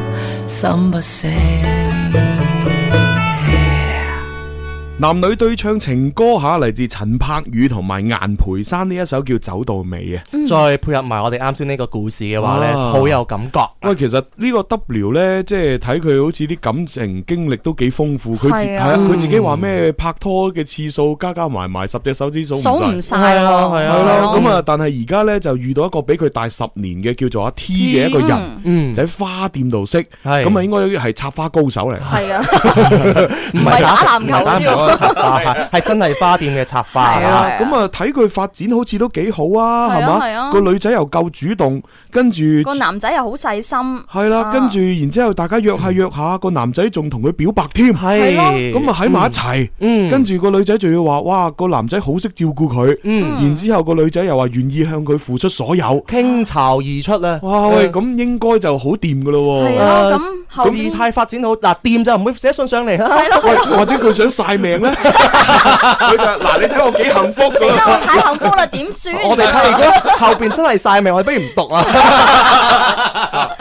S7: 心不死。
S1: 男女對唱情歌吓，嚟、啊、自陳柏宇同埋顏培山呢一首叫《走到尾》啊、嗯，再配合埋我哋啱先呢個故事嘅話咧，好有感覺。喂，其實呢個 W 咧，即係睇佢好似啲感情經歷都幾豐富，佢自係啊，佢自、嗯、自己話咩拍拖嘅次數加加埋埋十隻手指數數唔晒，係啊係啊，咁啊，是啊是啊是啊嗯、但係而家咧就遇到一個比佢大十年嘅叫做阿 T 嘅一個人，嗯嗯、就喺花店度識，咁啊應該係插花高手嚟，
S3: 係啊，唔 係 打籃球。
S1: 係 真係花店嘅插花，咁 啊睇佢、啊啊、發展好似都幾好啊，係嘛？個、啊啊、女仔又夠主動，跟住個
S2: 男仔又好細心，係啦、啊，跟、啊、住
S1: 然之後大家約下約下，個、嗯、男仔仲同佢表白添，係咁啊喺埋一齊，嗯，跟住個女仔仲要話、嗯、哇，個男仔好識照顧佢，嗯，然之後個女仔又話願意向佢付出所有傾巢而出呢哇喂，咁、嗯、應該就好掂噶咯，係啊，咁、啊啊、事態發展好嗱，掂就
S3: 唔會寫信上嚟啦，啊 啊啊、 或者佢想晒命。 佢 就嗱，你睇我幾幸福咁，死了我太幸福
S2: 啦，點算？ 我哋睇如果
S3: 後邊真係晒命，我哋不如唔讀啊。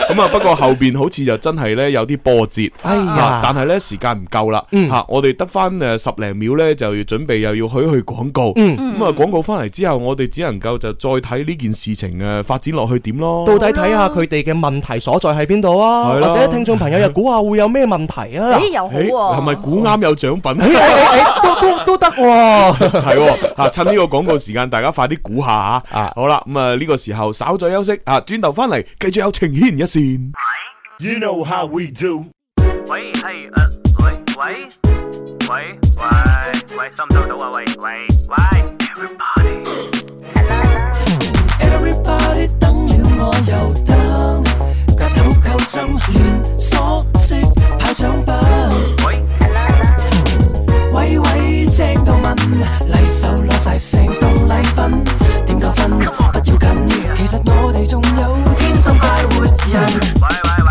S1: 咁 啊， 不過後邊好似就真係咧有啲波折。哎呀，啊、但係咧時間唔夠啦。吓、嗯啊，我哋得翻誒十零秒咧，就要準備又要去去廣告。嗯，咁、嗯、啊廣告翻嚟之後，我哋只能夠就再睇呢件事情誒發展落去點咯。到底睇下佢哋嘅問題所在喺邊度啊？或者聽
S3: 眾朋友又估下會有咩問題啊？咦、欸，又好喎、啊，係
S1: 咪估啱有獎品？欸欸欸都都都得喎，係喎，啊趁呢個廣告時間，大家快啲估下吓，好啦，咁啊呢個時候稍作休息，啊轉頭翻嚟繼續友情獻一線
S4: ，You know how we do，喂，係，誒，喂喂喂喂喂，收到到啊喂喂
S9: 喂，Everybody，Hello，Everybody，等了我又等，急手扣針，連鎖式派獎品。正到問，禮手攞晒成棟禮品，點夠分？不要緊，其實我哋仲有天生快活人。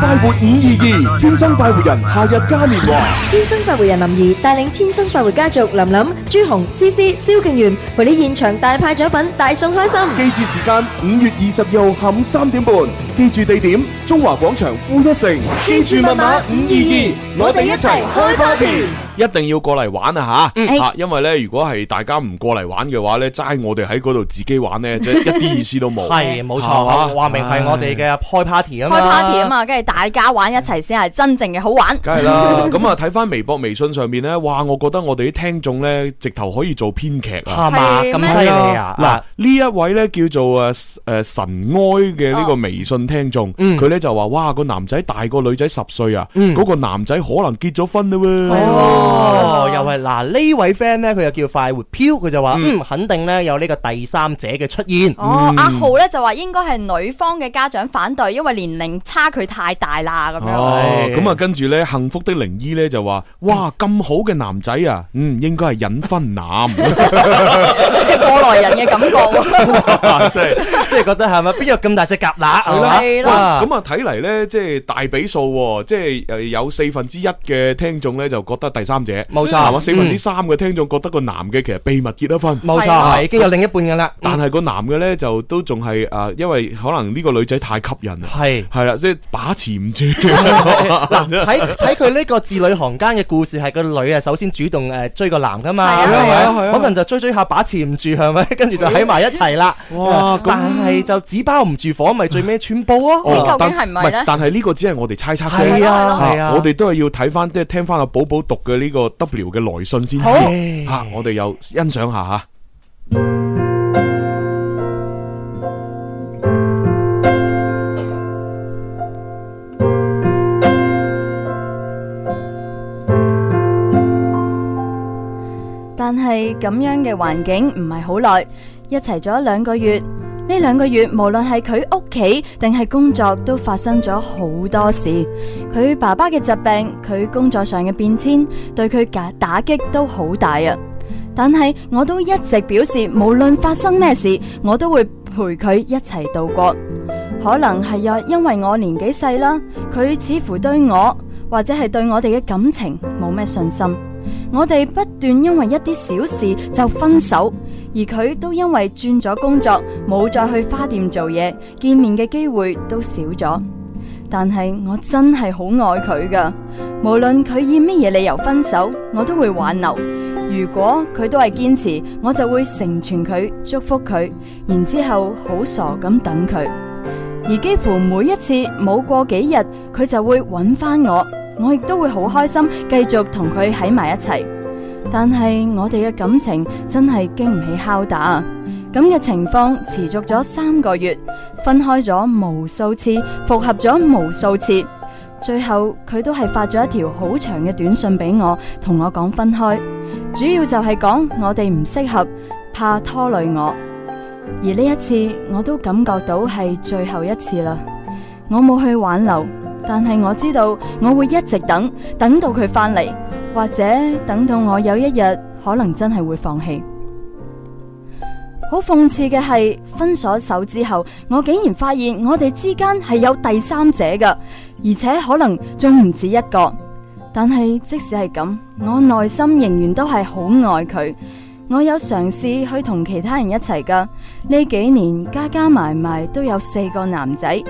S1: 快活五二二，天生快活人，夏日嘉年華，
S2: 天生快活人林怡帶領天生快活家族林林、朱紅、詩詩、蕭敬源，為你現場大派獎品，大送開心。
S1: 記住時間五月二十二號下午三點半，記住地點中華廣場負一層，記住密碼五二二，我哋一齊開 party，一定要過嚟玩啊吓！吓，因為咧，如果係大家唔過嚟玩嘅話咧，齋我哋喺嗰度自己玩咧，即係一啲意思都冇，係冇錯啊，話明係我哋嘅開 party 啊，開 party 啊嘛，
S2: 跟住。大家玩一齊先係真正嘅好玩。梗係
S1: 啦，咁啊睇翻微博、微信上面呢，哇！我覺得我哋啲聽眾呢，直頭可以做編劇啊，係咩？咁犀利啊！嗱、啊，呢一位呢，叫做誒誒、呃、神哀嘅呢個微信聽眾，佢、哦、呢、嗯、就話：，哇，個男仔大過女仔十歲啊，嗰、嗯嗰個男仔可能結咗婚啦喎、哦哦。又係嗱呢位 friend 咧，佢又叫快活飄，
S3: 佢就話、嗯：，嗯，肯定呢，有呢個第三者嘅出現。哦，阿、嗯啊、浩
S2: 呢，就話應該係女方嘅家長反對，因為年齡差距太大啦咁
S1: 樣，哦，咁啊，跟住咧，幸福的靈醫咧就話，哇，咁好嘅男仔啊，嗯，應該係隱婚男，
S3: 即係過來人嘅感覺，
S1: 即係即係覺得係咪，邊有咁大隻
S3: 蛤乸啊，係咯，咁
S1: 啊睇嚟咧，即係大比數，即係誒有四分之一嘅聽眾咧就覺得第三者冇錯，係嘛，四分之三嘅聽眾覺得個男嘅其實秘密結咗婚，冇錯，係已經有另一半噶啦，但係個男嘅咧就都仲係誒，因為可能呢個女仔太吸引，係係啦，即係把持。持唔住，
S3: 嗱，睇睇佢呢個字裏行間嘅故事，係個女啊，首先主動誒追個男噶嘛，可能就追追下把持唔住係咪？跟住就喺埋一齊啦。但係就紙包唔住火，咪
S1: 最尾穿煲咯。究竟係唔係？但係呢個只係我哋猜測啫，係啊係啊。我哋都係要睇翻即係聽翻阿寶寶讀嘅呢個 W 嘅來信先知吓，我哋又欣賞下吓。
S2: 但係咁樣嘅環境唔係好耐，一齊咗兩個月。呢兩個月無論係佢屋企定係工作，都發生咗好多事。佢爸爸嘅疾病，佢工作上嘅變遷，對佢嘅打擊都好大啊。但係我都一直表示，無論發生咩事，我都會陪佢一齊度過。可能係因因為我年紀細啦，佢似乎對我或者係對我哋嘅感情冇咩信心。我哋不斷因為一啲小事就分手，而佢都因為轉咗工作，冇再去花店做嘢，見面嘅機會都少咗。但係我真係好愛佢㗎，無論佢以乜嘢理由分手，我都會挽留。如果佢都係堅持，我就會成全佢，祝福佢，然之後好傻咁等佢。而幾乎每一次冇過幾日，佢就會揾返我。我亦都會好開心，繼續同佢喺埋一齊。但係我哋嘅感情真係經唔起敲打啊！咁嘅情況持續咗三個月，分開咗無數次，復合咗無數次，最後佢都係發咗一條好長嘅短信俾我，同我講分開，主要就係講我哋唔適合，怕拖累我。而呢一次，我都感覺到係最後一次啦。我冇去挽留。但係我知道我會一直等，等到佢返嚟，或者等到我有一日可能真係會放棄。好諷刺嘅係，分咗手之後，我竟然發現我哋之間係有第三者噶，而且可能仲唔止一個。但係即使係咁，我內心仍然都係好愛佢。我有嘗試去同其他人一齊噶，呢幾年，加加埋埋都有四個男仔。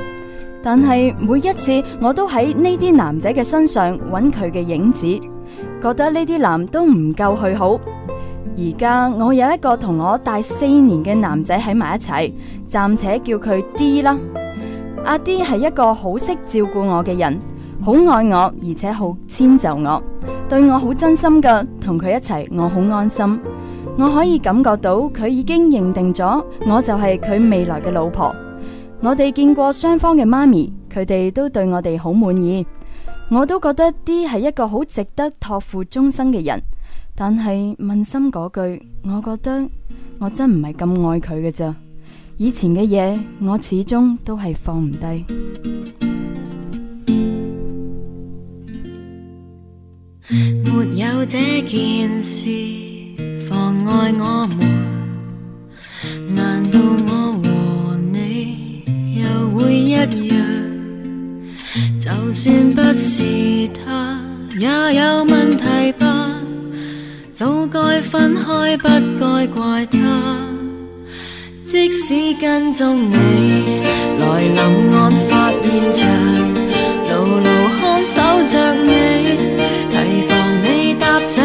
S2: 但係每一次我都喺呢啲男仔嘅身上揾佢嘅影子，覺得呢啲男都唔夠佢好。而家我有一個同我大四年嘅男仔喺埋一齊，暫且叫佢 D 啦。阿 D 係一個好識照顧我嘅人，好愛我，而且好遷就我，對我好真心㗎。同佢一齊，我好安心，我可以感覺到佢已經認定咗，我就係佢未來嘅老婆。我哋見過雙方嘅媽咪，佢哋都對我哋好滿意，我都覺得啲係一個好值得托付終生嘅人。但係問心嗰句，我覺得我真唔係咁愛佢嘅咋。以前嘅嘢，我始終都係
S7: 放唔低。
S6: 沒有這件
S7: 事，妨礙我們。算不是他，也有問題吧。早該分開，不該怪他。即使跟蹤你來臨案發現場，牢牢看守着你，提防你搭上。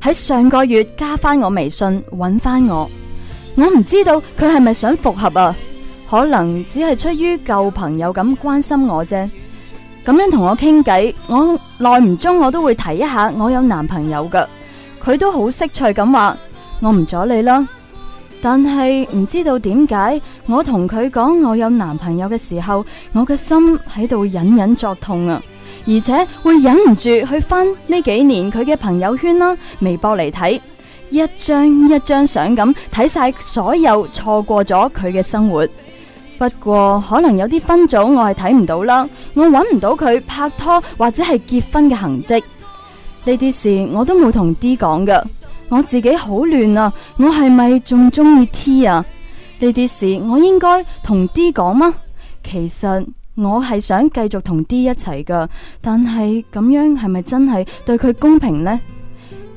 S2: 喺上個月加翻我微信，揾翻我。我唔知道佢係咪想復合啊？可能只係出於舊朋友咁關心我啫。咁樣同我傾偈，我耐唔中我都會提一下我有男朋友噶。佢都好識趣咁話，我唔阻你啦。但係唔知道點解我同佢講我有男朋友嘅時候，我嘅心喺度隱隱作痛啊。而且會忍唔住去翻呢幾年佢嘅朋友圈啦、啊、微博嚟睇，一張一張相咁睇晒所有錯過咗佢嘅生活。不過可能有啲分組我係睇唔到啦，我揾唔到佢拍拖或者係結婚嘅痕跡。呢啲事我都冇同 D 講噶，我自己好亂啊！我係咪仲中意 T 啊？呢啲事我應該同 D 講嗎？其實。我係想繼續同 D 一齊噶，但係咁樣係咪真係對佢公平呢？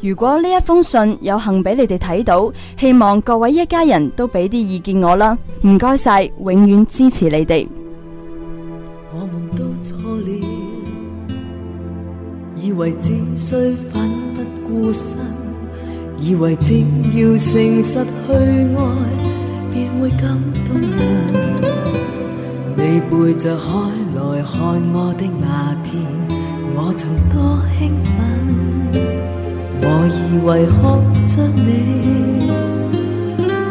S2: 如果呢一封信有幸俾你哋睇到，希望各位一家人都俾啲意見我啦。唔該晒，永遠支持你哋。
S7: 我們都錯了，以為只需奮不顧身，以為只要誠實去愛，便會感動人。你背着海來看我的那天，我曾多興奮，我以為靠着你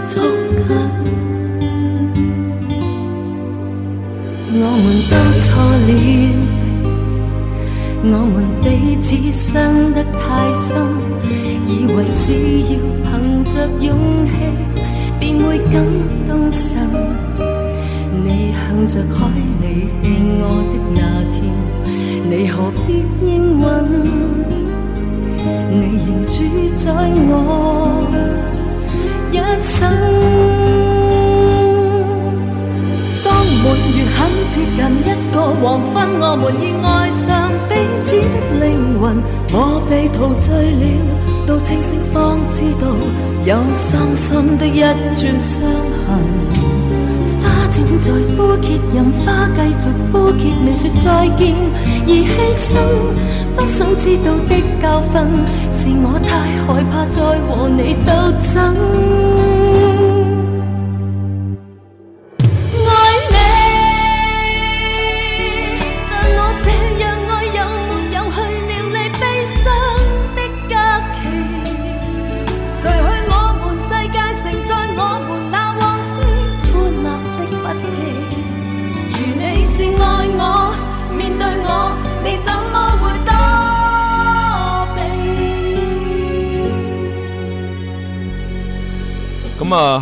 S7: 捉緊。我們都錯了，我們彼此傷得太深，以為只要憑着勇氣，便會感動神。你向着海離棄我的那天，你何必應允？你仍主宰我一生。當滿月很接近一個黃昏，我們已愛上彼此的靈魂。我被陶醉了，到清醒方知道有深深的一串傷痕。正在枯竭，任花繼續枯竭，未說再見，而犧牲。不想知道的教訓，是我太害怕再和你鬥爭。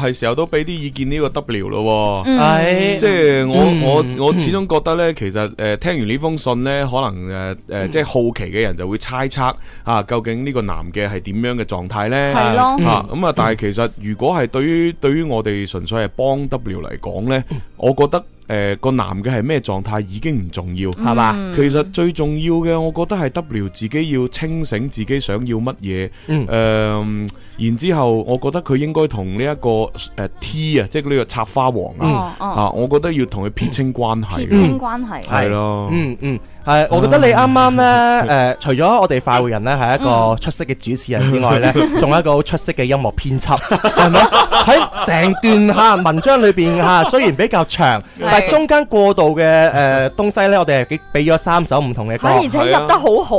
S1: 係時候都俾啲意見呢個 W 咯、嗯，即係我、嗯、我我始終覺得咧，其實誒、呃、聽完呢封信咧，可能誒誒、呃、即係好奇嘅人就會猜測啊，究竟呢個男嘅係點樣嘅狀態咧？係、嗯、咯，咁啊，、嗯、啊，但係其實如果係對於、嗯、對於我哋純粹係幫 W 嚟講咧，我覺得。誒、呃，個男嘅係咩狀態已經唔重要，係、嗯、嘛？其實最重要嘅，我覺得係 W 自己要清醒，自己想要乜嘢。誒、嗯呃，然之後我覺得佢應該同呢一個誒、呃、T 啊，即係呢個插花王、嗯、啊吓、啊啊啊，我覺得要同佢撇清關係，撇清關係係咯，嗯嗯。係，我覺得你啱
S3: 啱咧，
S1: 誒、呃，除咗我哋快活人咧係一
S3: 個出色嘅主持人之外咧，仲有一個好出色嘅音樂編輯，係咪？ 喺成段嚇文章裏邊嚇，雖然比較長，啊、但係中間過渡嘅誒東西咧，我哋係俾咗三首唔同嘅歌，啊，而且入得
S2: 好好，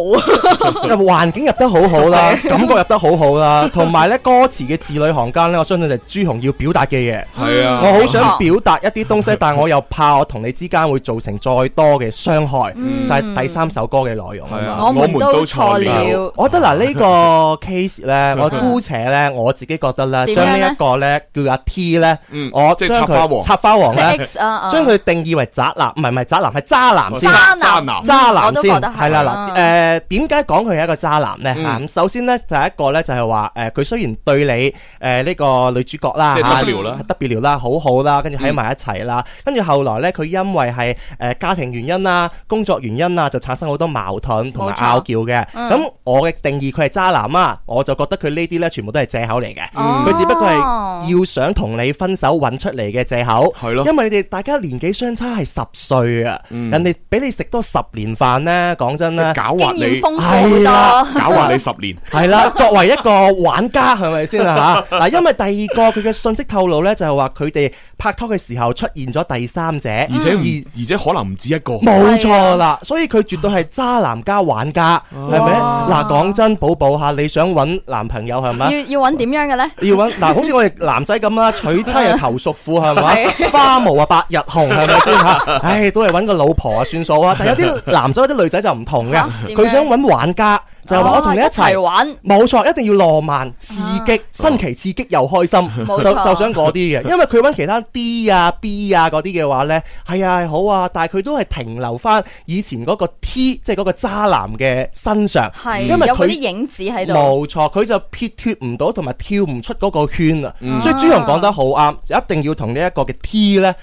S3: 入 環境入得好好啦，感覺入得好好啦，同埋咧歌詞嘅字裏行間咧，我相信就係朱紅要表達嘅嘢。係啊，我好想表達一啲東西，啊、但我又怕我同你之間會造成再多嘅傷害。嗯就是第三首歌嘅內容啊，我哋都錯了。我覺得嗱呢個 case 咧，我姑且咧，我自己覺得咧，將呢一個咧叫阿 T 咧，我將佢插花王咧，將佢定義為宅男，唔係唔係宅男，係渣男先。渣男，渣男先。係啦嗱，誒點解講佢係一個渣男咧？咁首先咧就一個咧就係話誒佢雖然對你誒呢個女主角啦嚇特別撩啦，好好啦，跟住喺埋一齊啦，跟住後來咧佢因為係誒家庭原因啦、工作原因。就產生好多矛盾同埋拗叫嘅。咁我嘅定義佢係渣男啊、嗯，我就覺得佢呢啲呢，全部都係借口嚟嘅。佢、嗯、只不過係要想同你分手揾出嚟嘅借口、嗯。因為你哋大家年紀相差係十歲啊、嗯，人哋比你食多十年飯呢。講真是搞壞你是啊，經驗豐富好多。搞壞你十年，係 啦、啊。作為一個玩家，係 咪先啊？吓嗱，因為第二個佢嘅信息透露呢，就係話佢哋拍拖嘅時候出現咗第三者，而且、嗯、
S1: 而且可能唔止
S3: 一個。冇錯啦，所以所以佢絕對係渣男加玩家，係咪？嗱，講真，寶寶吓，你想搵男朋友係咪？要
S2: 要搵點樣嘅呢？要搵，嗱，
S3: 好似我哋男仔咁啦，娶妻、啊求淑婦，係咪？是 花無啊百日紅係咪先吓？是 唉，都係搵個老婆啊算數啊，但係有啲男仔，有啲女仔就唔同嘅，佢想搵玩家。就係話我同你一齊、哦、玩，冇錯，一定要浪漫、刺激、啊、新奇、刺激又開心，啊、就錯就想嗰啲嘅。因為佢揾其他 D 啊、B 啊嗰啲嘅話呢，係啊，係好啊，但係佢都係停留翻以前嗰個 T，即係嗰個渣男嘅身上，是因為佢啲影
S2: 子喺度。冇
S3: 錯，佢就撇脱唔到同埋跳唔出嗰個圈、嗯、啊！所以朱紅講得
S1: 好啱，就一定要同呢一個嘅 T 呢。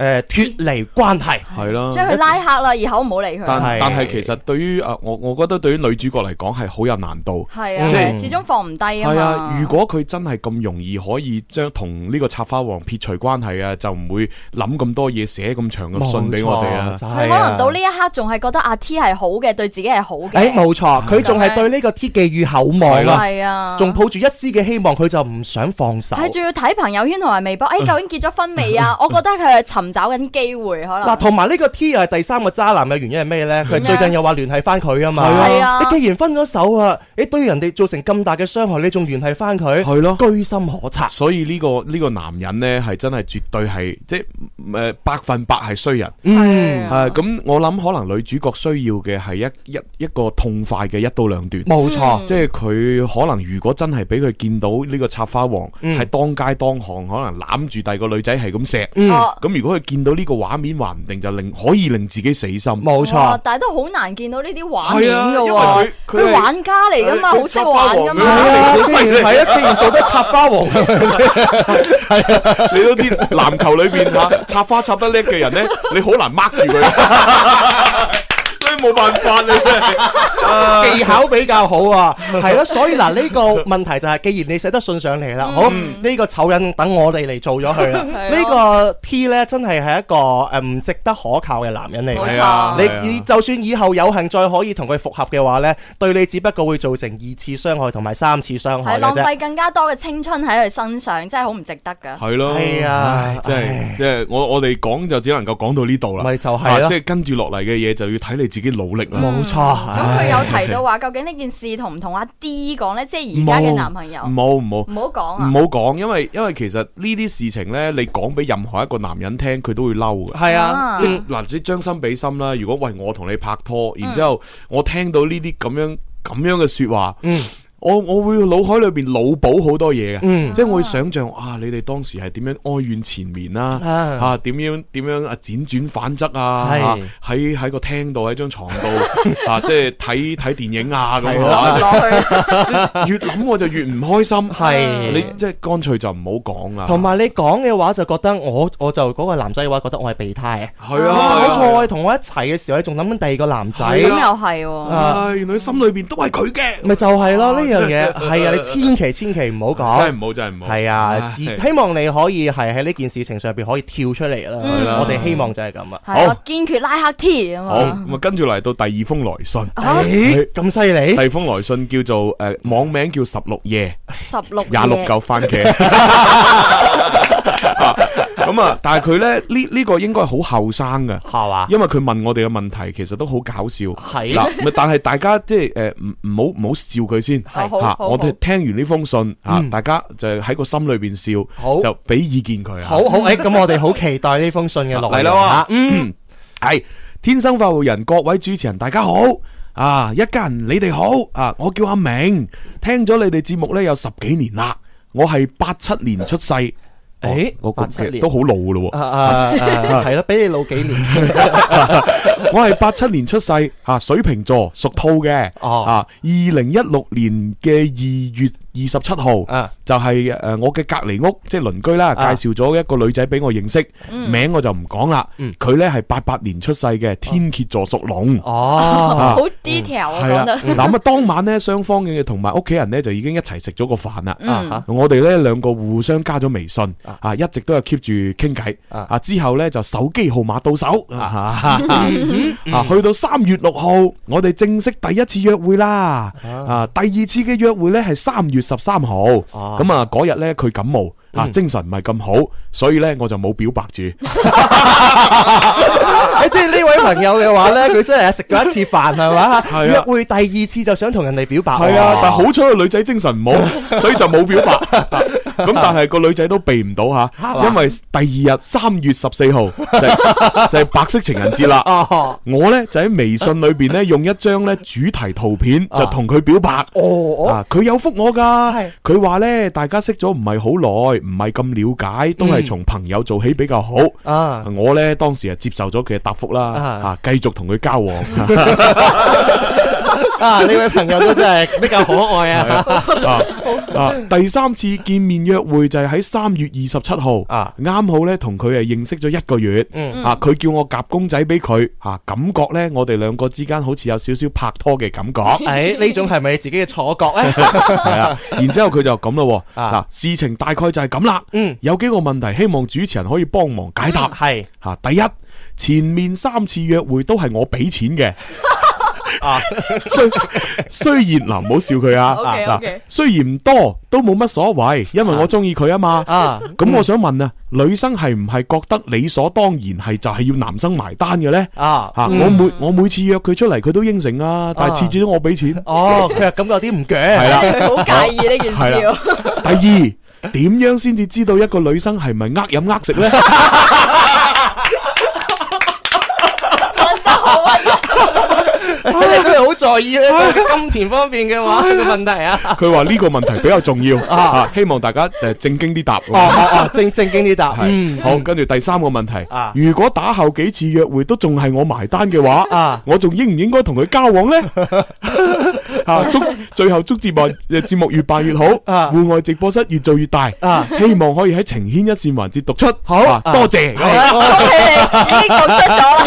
S1: 誒、呃、脱離關係將佢拉
S2: 客啦，以後唔好理佢。但但係其
S1: 實對於啊我我覺得對於女主角嚟講係好有難度，係啊、即係，始終放唔低啊。係啊，如果佢真係咁容易可以將同呢個插花王撇除關係啊，就唔會諗咁多嘢，寫咁長嘅信俾我哋啦、啊。佢可能到
S2: 呢一刻仲係覺得阿 T 係好嘅，對自己係好嘅。誒、欸、冇錯，佢仲係對
S1: 呢個 T 寄
S3: 予厚望啦。係啊，仲抱住一絲嘅希望，佢就唔想放手。係仲
S2: 要睇朋友圈同埋微博，誒、哎、究竟結咗婚未啊？ 我覺得佢係尋。找緊機會可能嗱，
S3: 同埋呢個 T 係第三個渣男嘅原因係咩呢？佢、嗯、最近又話聯繫翻佢啊嘛。係啊，啊，你既然分咗手啊，你對人哋造成咁大嘅傷害，你仲聯繫翻佢？
S1: 係咯、啊，居心可測。所以呢、這個呢、這個男人呢係真係絕對係即係百分百係衰人、啊。嗯、咁、啊、我諗可能女主角需要嘅係一一一,一個痛快嘅一刀兩斷。冇、嗯、錯，即係佢可能如果真係俾佢見到呢個插花王係、嗯、當街當巷，可能攬住第二個女仔係咁錫。咁、嗯啊、如果可以見到呢個畫面還不，話唔定就令可以令自己死心，冇錯。
S2: 但係都好難見到呢啲畫面嘅喎，佢、啊、玩家嚟噶嘛，好識玩噉樣好犀利！係啊，既然做
S1: 得插花王，係啊，啊，啊， 啊，你都知道 籃球裏邊嚇插花插得叻嘅人咧，你好難掹住佢。 冇辦
S3: 法，你真係 技巧比較好啊，係 咯，所以嗱呢、這個問題就係、是，既然你寫得信上嚟啦，好、嗯、呢、哦這個醜人等我哋嚟做咗佢，這個、呢個 T 咧真係係一個誒唔值得可靠嘅男人嚟，冇錯。你就算以後有幸再可以同佢復合嘅話呢，對你只不過會造成二次傷害同埋三次傷害，係浪費
S2: 更加多嘅青春喺佢身上，真係好唔值得噶。係
S3: 咯，
S1: 係、就是、啊，即係即係我我哋講就只能夠講到呢度啦，咪就係即係跟住落嚟嘅嘢就要睇你自己。努力冇錯。咁佢有提到
S2: 話，哎、究竟呢件事同唔同阿 D 講呢？沒即係而家嘅男朋友。冇
S1: 冇，唔好講，唔好講，因為因為其實呢啲事情呢，你講俾任何一個男人聽，佢都會嬲嘅。係啊，嗯、即係嗱，即係將心比心啦。如果餵我同你拍拖，然之後我聽到呢啲咁樣咁樣嘅説話，嗯。我我會腦海裏邊腦補好多嘢嘅、嗯，即係我會想象、嗯、啊，你哋當時係點樣哀怨纏綿啦，嚇點樣點樣啊，嗯、啊樣樣輾轉反側啊，喺喺、啊、個廳度喺張床度 啊，即係睇睇電影啊咁、啊、樣，嗯嗯、越諗 我就越唔開心。係、嗯、你即係乾脆就唔好講啦。同埋你
S3: 講嘅話就覺得我我就嗰個男仔嘅話覺得我係備胎啊，冇錯啊，同我一齊嘅時候你仲諗緊第二個男仔，咁又
S1: 係喎，原來心裏邊都係佢
S3: 嘅，咪、啊、就係咯呢？啊呢樣嘢係啊，你千祈千祈唔好講，真係唔好，真係唔好。係啊，希望你可以係喺呢件事情上邊可以跳出嚟啦。我哋希望就係咁啊。好，
S2: 堅決拉黑
S6: 添啊
S1: 嘛。好，咁啊，跟住嚟到第二封來信，咁犀利。第二封來信叫做誒，網名叫十六夜，
S4: 十六
S6: 夜，廿六嚿番茄。
S1: 咁、嗯、啊！但係佢咧，呢、這、呢個應該好後生噶，係嘛？因為佢問我哋嘅問題，其實都好搞笑。係 但係大家即係誒，唔唔好唔好笑佢先。係吓、啊，我哋聽完呢封信啊、嗯，大家就喺個心裏邊笑，好就俾意見佢啊。好好，誒，咁我哋好期待呢封信嘅落嚟咯。嗯，係、啊啊嗯、天生快活人，各位主持人大家好啊，一家人你哋好啊，我叫阿明，聽咗你哋節目咧有十幾年啦，我係八七年出世。嗯誒、欸，我、哦、八、那個、七,七都好老嘅咯，係、
S3: uh, 啦、uh, uh, 啊，比你老幾
S1: 年。 我係八七年出世，吓水瓶座，屬兔嘅。啊，二零一六年嘅二月二十七號，就係、是、誒我嘅隔籬屋，即係鄰居啦、啊，介紹咗一個女仔俾我認識，啊、名我就唔講啦。佢咧係八八年出世嘅天蠍座屬龍，屬、啊、龍。哦、啊。 啊
S2: 啊係啦，嗱 啊，
S1: 當晚咧，雙方嘅同埋屋企人咧，就已經一齊食咗個飯啦。啊、嗯，我哋咧兩個互相加咗微信啊，啊，一直都係 keep 住傾偈。啊，之後咧就手機號碼到手。啊，啊 啊去到三月六號，我哋正式第一次約會啦、啊。啊，第二次嘅約會咧係三月十三號。咁啊，嗰日咧佢感冒。啊，精神唔係咁好，所以咧我就冇表白住。誒，即係呢位朋
S3: 友嘅話咧，佢真係食過一次飯係嘛？約、 啊、 會第二次就想同人哋表白。係啊，但係好
S1: 彩個女仔精神唔好，所以就冇表白。 咁、嗯、但係個女仔都避唔到吓，因為第二日三月十四號就係、是、係、就是、白色情人節啦。 我呢，就喺微信裏邊呢，用一張咧主題圖片就同佢表白。哦，佢、啊、有覆我噶，佢話呢，大家識咗唔係好耐，唔係咁了解，都係從朋友做起比較好。啊、嗯，我呢，當時啊接受咗佢嘅答覆啦，吓、啊、繼續同佢交往。 啊！呢位朋友都真係比較可愛啊， 啊！啊，啊第三次見面約會就係喺三月二十七號啊，啱好咧同佢誒認識咗一個月。嗯啊，佢叫我夾公仔俾佢，啊感覺咧我哋兩個之間好似有少少拍拖嘅感覺。誒、哎，呢種係咪自己嘅錯覺咧？係 啦、啊，然之後佢就咁咯。嗱、啊啊，事情大概就係咁啦。嗯，有幾個問題希望主持人可以幫忙解答。係、嗯、吓、啊，第一，前面三次約會都係我俾錢嘅。啊，雖雖然嗱，唔好笑佢啊，啊，雖然唔多，都冇乜所謂，因為我中意佢啊嘛，啊，咁我想問啊，女生係唔係覺得理所當然係就係要男生埋單嘅咧？啊，吓，我每我每次約佢出嚟，佢都應承啊，但係次次都我俾錢，哦，佢係感覺有啲唔勁，係啦，好介意呢件事。係啦，第二，點樣先至知道一個女生係咪呃飲呃食咧？佢哋
S3: 都係好、啊、在意咧，啊、金錢方面嘅話個問題
S1: 啊。佢話呢個問題比較重要啊，啊，希望大家誒正經啲答。啊啊、正正經啲答係、嗯。好，跟住第三個問題啊，如果打後幾次約會都仲係我埋單嘅話啊，我仲應唔應該同佢交往呢？啊 啊！祝，最後祝節目越辦越好。啊！戶外直播室越做越大。啊！希望可以喺晴天一線環節讀出。好多謝，恭喜你已經讀出
S3: 咗啦。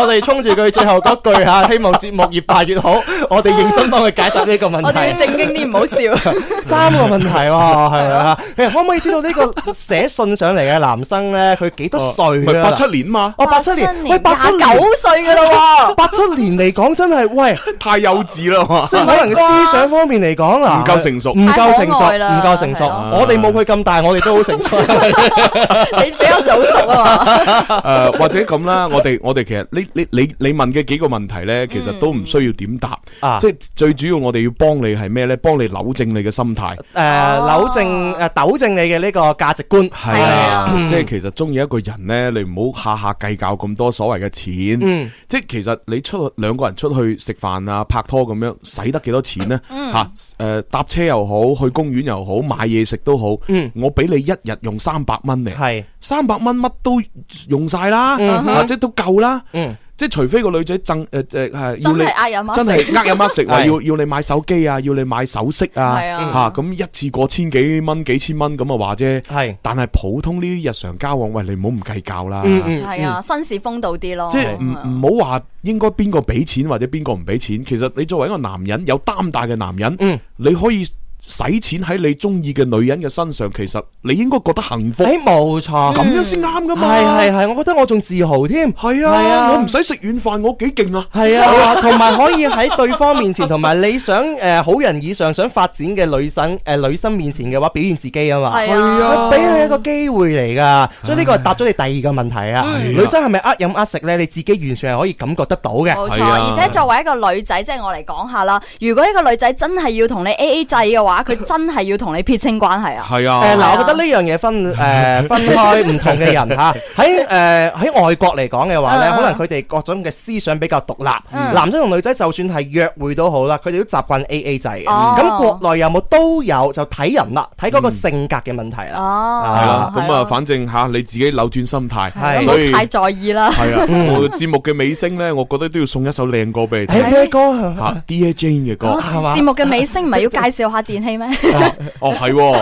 S3: 我哋衝住佢最後嗰句吓，希望節目越辦越好。我哋認真幫佢解答呢個問題。我哋正經啲，唔好笑。三個問題係咪啊？可唔可以知道呢個寫信上嚟嘅男生咧，佢幾多歲啊？八七年嘛，哦，八七年，喂，八七九歲噶啦，八七年嚟講真係，喂，太幼稚啦，哇！可能思想方面嚟
S1: 講啊，唔夠成熟，唔夠成熟，唔夠成熟。我哋
S3: 冇佢咁大，我哋都好成熟。你比
S6: 較早熟啊？誒，
S1: 或者咁啦，我哋我哋其實你你你你問嘅幾個問題咧，其實都唔需要點答。啊，即係最主要，我哋要幫你係咩咧？幫你扭正你嘅心態
S3: 誒扭正，誒糾正你嘅呢個價值觀
S1: 係啊，即係其實中意一個人咧，你唔好下下計較咁多所謂嘅錢，嗯，即係其實你出去兩個人出去食飯啊、拍拖咁樣。使得。幾多錢呢？吓、嗯，誒、啊，搭車又好，去公園又好，買嘢食都好，嗯、我俾你一日用三百蚊嚟，係三百蚊乜都用晒啦，或者、嗯哼啊、都夠啦。嗯即係除非個女仔贈，誒、誒、係要你真係呃有乜食，話要要你買手機啊，要你買首飾啊，吓咁、啊啊啊、一次過千幾蚊、幾千蚊咁嘅話啫。係、啊，但係普通呢啲日常交往，喂、哎、你唔好唔計較、嗯啊、啦。嗯嗯，係
S2: 啊，紳士風度啲咯。即係唔
S1: 唔好話應該邊個俾錢或者邊個唔俾錢，其實你作為一個男人有擔帶嘅男人，嗯，你可以。使錢喺你中意嘅女人嘅身上，其實你應該覺得幸福。誒，冇錯，咁樣先啱噶嘛。係系系，我覺得我仲自豪添。係啊，係啊。我唔使食軟飯，我幾勁啊。係啊，
S3: 同埋可以喺對方面前，同埋你想誒好人以上想發展嘅女生誒女生面前嘅話，表現自己啊嘛。係啊，俾佢一個機會嚟噶，所以呢個係答咗你第二個問題啊。女生係咪呃飲呃食呢？你自己完全係可以感覺得到嘅。冇錯，而且作
S2: 為一個女仔，即係我嚟講下啦。如果一個女仔真係要同你 AA 制嘅話，佢真係要同你撇清關係啊？係
S3: 啊，嗱，我覺得呢樣嘢分誒分開唔同嘅人吓，喺誒喺外國嚟講嘅話咧，可能佢哋各種嘅思想比較獨立，男仔同女仔就算係約會都好啦，佢哋都習慣 AA 制嘅。咁國內有冇都有？就睇人啦，睇嗰個性格嘅問題啦。哦，係啦，咁啊，
S1: 反正吓你自己扭轉心態，係，所以太在意啦。係啊，我節目嘅尾聲咧，我覺得都要送一首靚歌俾你聽。誒咩歌吓？DAJ 嘅歌係嘛？節目
S2: 嘅尾聲唔係要介紹下電器。係
S1: 咩、 啊？哦，係、哦、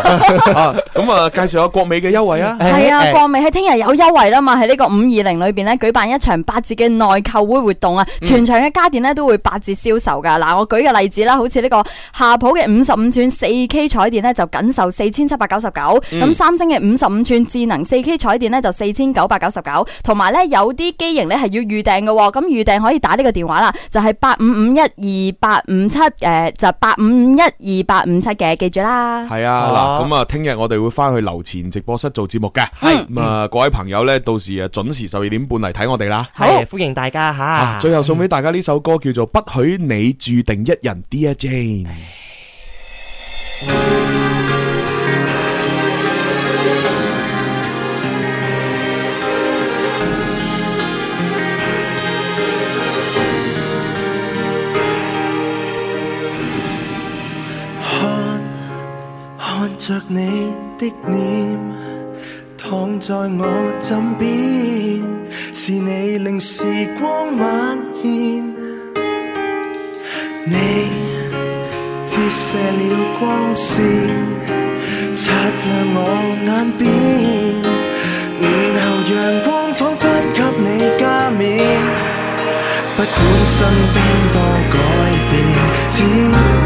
S1: 啊！咁啊，介紹下國美嘅優惠啊！係啊，國
S2: 美喺聽日有優惠啦嘛，喺呢個五二零裏邊咧舉辦一場八折嘅內購會活動啊、嗯！全場嘅家電咧都會八折銷售噶。嗱、啊，我舉個例子啦，好似呢個夏普嘅五十五寸四 K 彩電咧就僅售四千七百九十九，咁三星嘅五十五寸智能四 K 彩電咧就四千九百九十九。同埋咧有啲機型咧係要預訂噶，咁預訂可以打呢個電話啦，就係八五五一二八五七，誒，就八五五一二八五七。嘅，記住啦、啊啊、啦，係啊，嗱，
S1: 咁啊，聽日我哋會翻去樓前直播室做節目嘅，係咁啊，各位朋友呢，到時啊準時十二點半嚟睇我哋啦，係、啊、歡
S3: 迎大家吓、啊。最
S1: 後送俾大家呢首歌叫做《不許你注定一人》，DJ。Dear Jane, 嗯嗯
S4: 着你的臉，躺在我枕邊，是你令時光蔓延。你折射了光線，擦亮我眼邊。午後陽光仿佛給你加冕，不管身邊多改變，只。